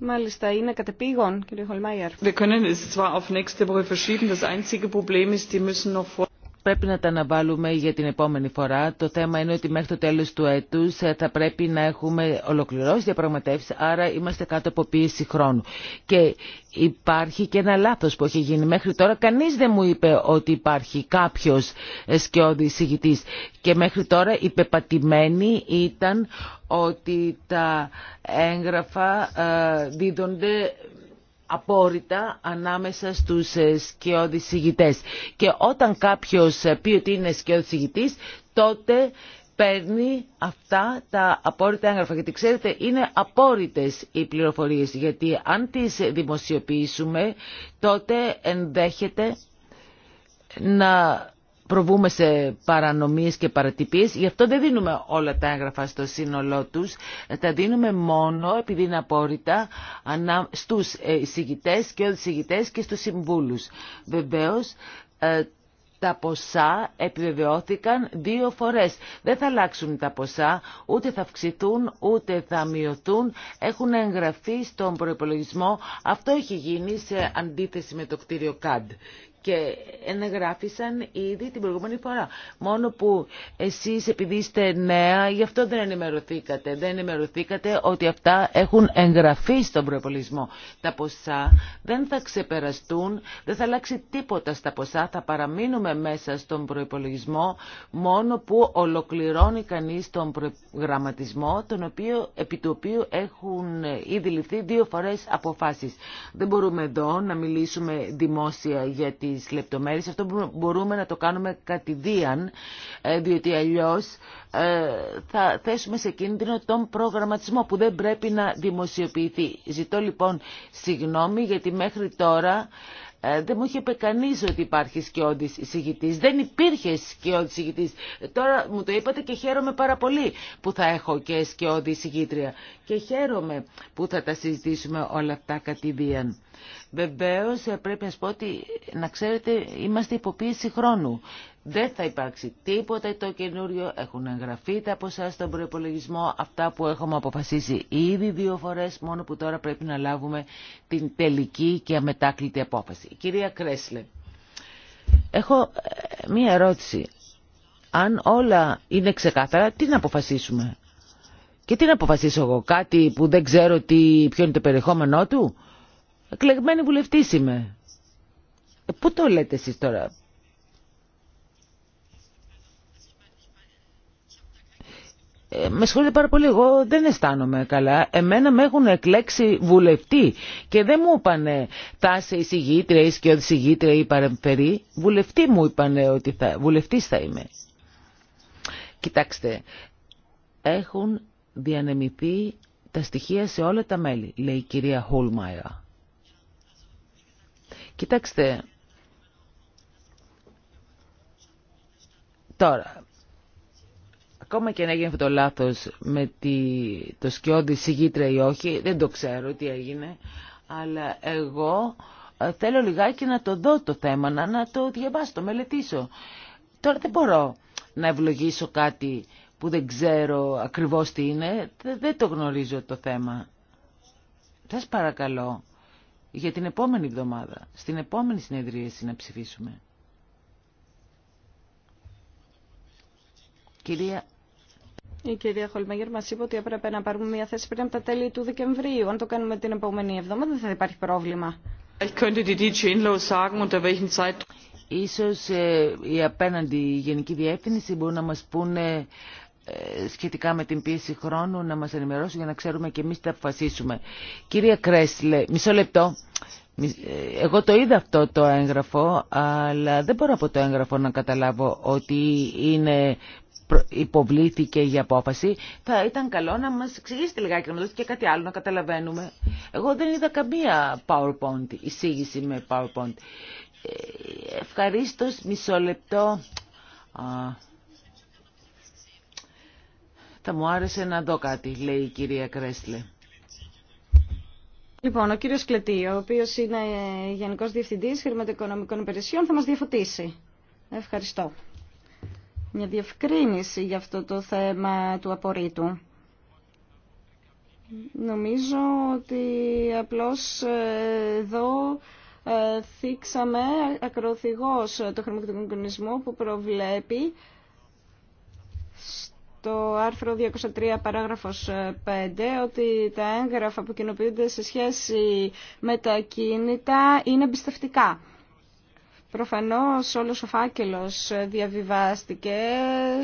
Μάλιστα, είναι κατεπήγον, κύριε Χολμάιερ. Wir können es zwar auf nächste Woche verschieben. Das einzige Problem ist, die müssen noch vor πρέπει να τα αναβάλουμε για την επόμενη φορά. Το θέμα είναι ότι μέχρι το τέλος του έτους ε, θα πρέπει να έχουμε ολοκληρώσει διαπραγματεύσεις, άρα είμαστε κάτω από πίεση χρόνου. Και υπάρχει και ένα λάθος που έχει γίνει μέχρι τώρα. Κανείς δεν μου είπε ότι υπάρχει κάποιος σκιώδη συγητής. Και μέχρι τώρα η ήταν ότι τα έγγραφα ε, δίδονται απόρριτα ανάμεσα στους ε, σκιώδης ηγητές. Και όταν κάποιος ε, πει ότι είναι σκιώδης ηγητής, τότε παίρνει αυτά τα απόρριτα έγγραφα. Γιατί ξέρετε, είναι απόρριτες οι πληροφορίες, γιατί αν τις δημοσιοποιήσουμε, τότε ενδέχεται να προβούμε σε παρανομίες και παρατυπίες. Γι' αυτό δεν δίνουμε όλα τα έγγραφα στο σύνολό τους. Τα δίνουμε μόνο, επειδή είναι απόρριτα, στους ε, εισηγητές και οδησηγητές και στους συμβούλους. Βεβαίως, ε, τα ποσά επιβεβαιώθηκαν δύο φορές. Δεν θα αλλάξουν τα ποσά, ούτε θα αυξηθούν, ούτε θα μειωθούν. Έχουν εγγραφεί στον προπολογισμό. Αυτό έχει γίνει σε αντίθεση με το κτίριο ΚΑΝΤ και ενεγράφησαν ήδη την προηγούμενη φορά. Μόνο που εσείς επειδή είστε νέα, γι' αυτό δεν ενημερωθήκατε. Δεν ενημερωθήκατε ότι αυτά έχουν εγγραφεί στον προπολισμό. Τα ποσά δεν θα ξεπεραστούν, δεν θα αλλάξει τίποτα στα ποσά, θα παραμείνουμε μέσα στον προπολογισμό, μόνο που ολοκληρώνει κανείς τον προγραμματισμό, τον οποίο, επί του οποίου έχουν ήδη ληφθεί δύο φορές αποφάσεις. Δεν μπορούμε εδώ να μιλήσουμε δημόσια για τις λεπτομέρειες. Αυτό μπορούμε να το κάνουμε κατηδίαν, ε, διότι αλλιώς ε, θα θέσουμε σε κίνδυνο τον προγραμματισμό που δεν πρέπει να δημοσιοποιηθεί. Ζητώ λοιπόν συγγνώμη γιατί μέχρι τώρα ε, δεν μου είχε πει κανεί ότι υπάρχει σκιώδη εισηγητή. Δεν υπήρχε σκιώδη συγητή. Ε, τώρα μου το είπατε και χαίρομαι πάρα πολύ που θα έχω και σκιώδη εισηγήτρια. Και χαίρομαι που θα τα συζητήσουμε όλα αυτά κατηδίαν. Βεβαίω ε, πρέπει να σα πω ότι να ξέρετε είμαστε υποποίηση χρόνου. Δεν θα υπάρξει τίποτα το καινούριο, έχουν εγγραφεί τα ποσά στον προπολογισμό, αυτά που έχουμε αποφασίσει ήδη δύο φορές, μόνο που τώρα πρέπει να λάβουμε την τελική και αμετάκλητη απόφαση. κυρία Κρέσλε, έχω ε, μία ερώτηση. Αν όλα είναι ξεκάθαρα, τι να αποφασίσουμε. Και τι να αποφασίσω εγώ, κάτι που δεν ξέρω τι, ποιο είναι το περιεχόμενό του. Εκλεγμένη βουλευτή είμαι. Ε, πού το λέτε εσείς τώρα, με συγχωρείτε πάρα πολύ, εγώ δεν αισθάνομαι καλά. Εμένα με έχουν εκλέξει βουλευτή και δεν μου είπανε θα είσαι εισηγήτρια ή σκιώδη ή παρεμφερή. Βουλευτή μου είπανε ότι θα, βουλευτής θα είμαι. Κοιτάξτε, έχουν διανεμηθεί τα στοιχεία σε όλα τα μέλη, λέει η κυρία Χολμάιρα. Κοιτάξτε, τώρα, Ακόμα και αν έγινε αυτό το λάθος με τη, το σκιόντι σιγήτρα ή όχι, δεν το ξέρω τι έγινε, αλλά εγώ ε, θέλω λιγάκι να το δω το θέμα, να, το διαβάσω, το μελετήσω. Τώρα δεν μπορώ να ευλογήσω κάτι που δεν ξέρω ακριβώς τι είναι, δεν το γνωρίζω το θέμα. Σας παρακαλώ για την επόμενη εβδομάδα, στην επόμενη συνεδρίαση να ψηφίσουμε. Κυρία η κυρία Χολμέγερ μα είπε ότι έπρεπε να πάρουμε μια θέση πριν από τα τέλη του Δεκεμβρίου. Αν το κάνουμε την επόμενη εβδομάδα, δεν θα υπάρχει πρόβλημα. Ίσως ε, η απέναντι Γενική Διεύθυνση μπορούν να μας πούνε ε, σχετικά με την πίεση χρόνου να μας ενημερώσουν για να ξέρουμε και εμείς τι θα αποφασίσουμε. Κυρία Κρέσλε, μισό λεπτό. Ε, εγώ το είδα αυτό το έγγραφο, αλλά δεν μπορώ από το έγγραφο να καταλάβω ότι είναι υποβλήθηκε η απόφαση, θα ήταν καλό να μας εξηγήσετε λιγάκι, να μας δώσετε και κάτι άλλο να καταλαβαίνουμε. Εγώ δεν είδα καμία PowerPoint, εισήγηση με PowerPoint. Ε, Ευχαριστώ μισό λεπτό. Α, θα μου άρεσε να δω κάτι, λέει η κυρία Κρέσλε. Λοιπόν, ο κύριος Κλετή, ο οποίος είναι Γενικός Διευθυντής Χρηματοοικονομικών Υπηρεσιών, θα μας διαφωτίσει. Ευχαριστώ μια διευκρίνηση για αυτό το θέμα του απορρίτου. Νομίζω ότι απλώς ε, εδώ ε, θίξαμε ακροθυγός το χρηματοκονισμό που προβλέπει στο άρθρο 203 παράγραφος 5 ε, ότι τα έγγραφα που κοινοποιούνται σε σχέση με τα κίνητα είναι εμπιστευτικά. Προφανώς όλος ο φάκελος διαβιβάστηκε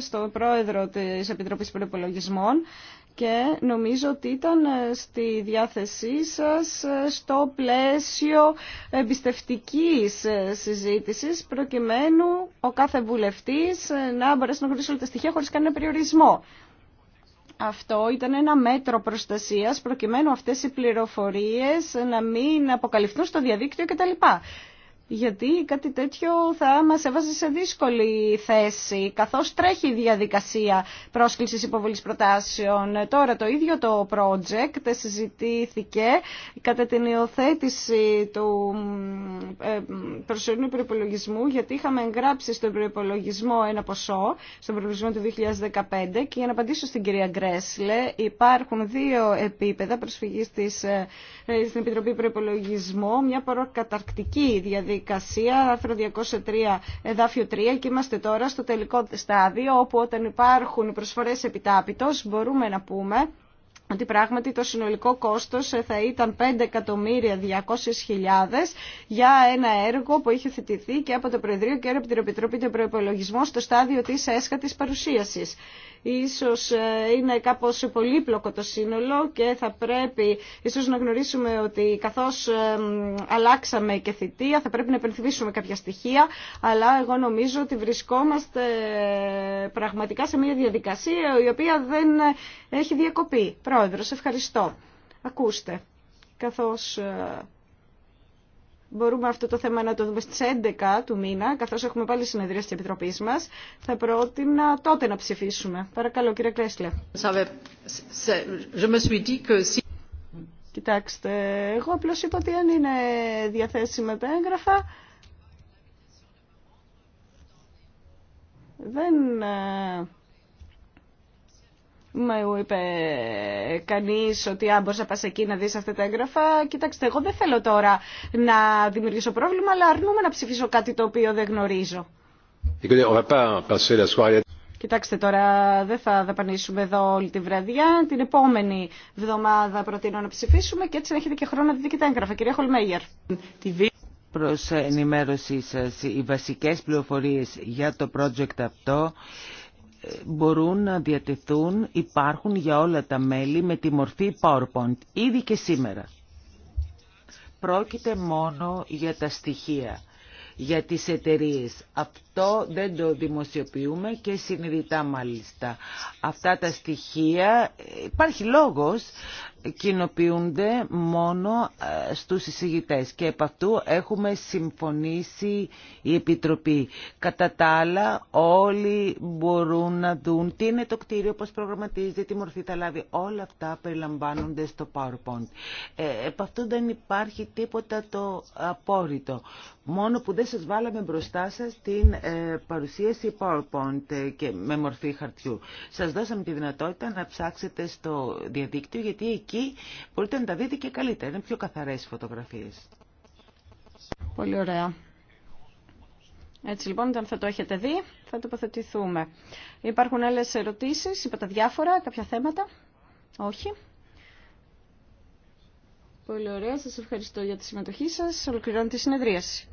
στο πρόεδρο της Επιτροπής Προπολογισμών και νομίζω ότι ήταν στη διάθεσή σας στο πλαίσιο εμπιστευτικής συζήτησης προκειμένου ο κάθε βουλευτής να μπορέσει να γνωρίσει όλα τα στοιχεία χωρίς κανένα περιορισμό. Αυτό ήταν ένα μέτρο προστασίας προκειμένου αυτές οι πληροφορίες να μην αποκαλυφθούν στο διαδίκτυο κτλ γιατί κάτι τέτοιο θα μας έβαζε σε δύσκολη θέση, καθώς τρέχει η διαδικασία πρόσκλησης υποβολής προτάσεων. Τώρα το ίδιο το project συζητήθηκε κατά την υιοθέτηση του ε, προσωρινού προπολογισμού, γιατί είχαμε εγγράψει στον προπολογισμό ένα ποσό, στον προπολογισμό του 2015, και για να απαντήσω στην κυρία Γκρέσλε, υπάρχουν δύο επίπεδα προσφυγής ε, στην Επιτροπή Προπολογισμού, μια προκαταρκτική διαδικασία, διαδικασία, άρθρο 203, εδάφιο 3 και είμαστε τώρα στο τελικό στάδιο όπου όταν υπάρχουν προσφορές επιτάπητος μπορούμε να πούμε ότι πράγματι το συνολικό κόστος θα ήταν 5.200.000 για ένα έργο που είχε θετηθεί και από το Προεδρείο και από την Επιτροπή του Προπολογισμού στο στάδιο της έσχατης παρουσίασης. Ίσως ε, είναι κάπως πολύπλοκο το σύνολο και θα πρέπει ίσως να γνωρίσουμε ότι καθώς αλλάξαμε και θητεία θα πρέπει να επενθυμίσουμε κάποια στοιχεία αλλά εγώ νομίζω ότι βρισκόμαστε ε, πραγματικά σε μια διαδικασία η οποία δεν ε, έχει διακοπή. Πρόεδρος, ευχαριστώ. Ακούστε, καθώς Μπορούμε αυτό το θέμα να το δούμε στις 11 του μήνα, καθώς έχουμε πάλι συνεδρία της Επιτροπή μας. Θα πρότεινα τότε να ψηφίσουμε. Παρακαλώ, κύριε Κρέσλε. Κοιτάξτε, εγώ απλώ είπα ότι αν είναι διαθέσιμα τα έγγραφα, δεν ε, μου είπε κανεί ότι αν μπορεί να πα εκεί να δει αυτά τα έγγραφα. Κοιτάξτε, εγώ δεν θέλω τώρα να δημιουργήσω πρόβλημα, αλλά αρνούμε να ψηφίσω κάτι το οποίο δεν γνωρίζω. Κοιτάξτε τώρα, δεν θα δαπανίσουμε εδώ όλη τη βραδιά. Την επόμενη βδομάδα προτείνω να ψηφίσουμε και έτσι να έχετε και χρόνο να δείτε και τα έγγραφα. Κυρία Χολμέγερ. Προς ενημέρωσή σας, οι βασικές πληροφορίες για το project αυτό μπορούν να διατεθούν, υπάρχουν για όλα τα μέλη με τη μορφή PowerPoint, ήδη και σήμερα. Πρόκειται μόνο για τα στοιχεία, για τις εταιρείες. Αυτό δεν το δημοσιοποιούμε και συνειδητά μάλιστα. Αυτά τα στοιχεία, υπάρχει λόγος κοινοποιούνται μόνο ε, στους εισηγητές και επ' αυτού έχουμε συμφωνήσει η Επιτροπή. Κατά τα άλλα όλοι μπορούν να δουν τι είναι το κτίριο, πώς προγραμματίζεται, τι μορφή θα λάβει. Όλα αυτά περιλαμβάνονται στο PowerPoint. Ε, επ' αυτού δεν υπάρχει τίποτα το απόρριτο. Μόνο που δεν σας βάλαμε μπροστά σας την ε, παρουσίαση PowerPoint ε, και με μορφή χαρτιού. Σας δώσαμε τη δυνατότητα να ψάξετε στο διαδίκτυο γιατί εκεί εκεί μπορείτε να τα δείτε και καλύτερα. Είναι πιο καθαρές οι φωτογραφίες. Πολύ ωραία. Έτσι λοιπόν, όταν θα το έχετε δει, θα τοποθετηθούμε. Υπάρχουν άλλες ερωτήσεις, είπα τα διάφορα, κάποια θέματα. Όχι. Πολύ ωραία, σας ευχαριστώ για τη συμμετοχή σας. Ολοκληρώνω τη συνεδρίαση.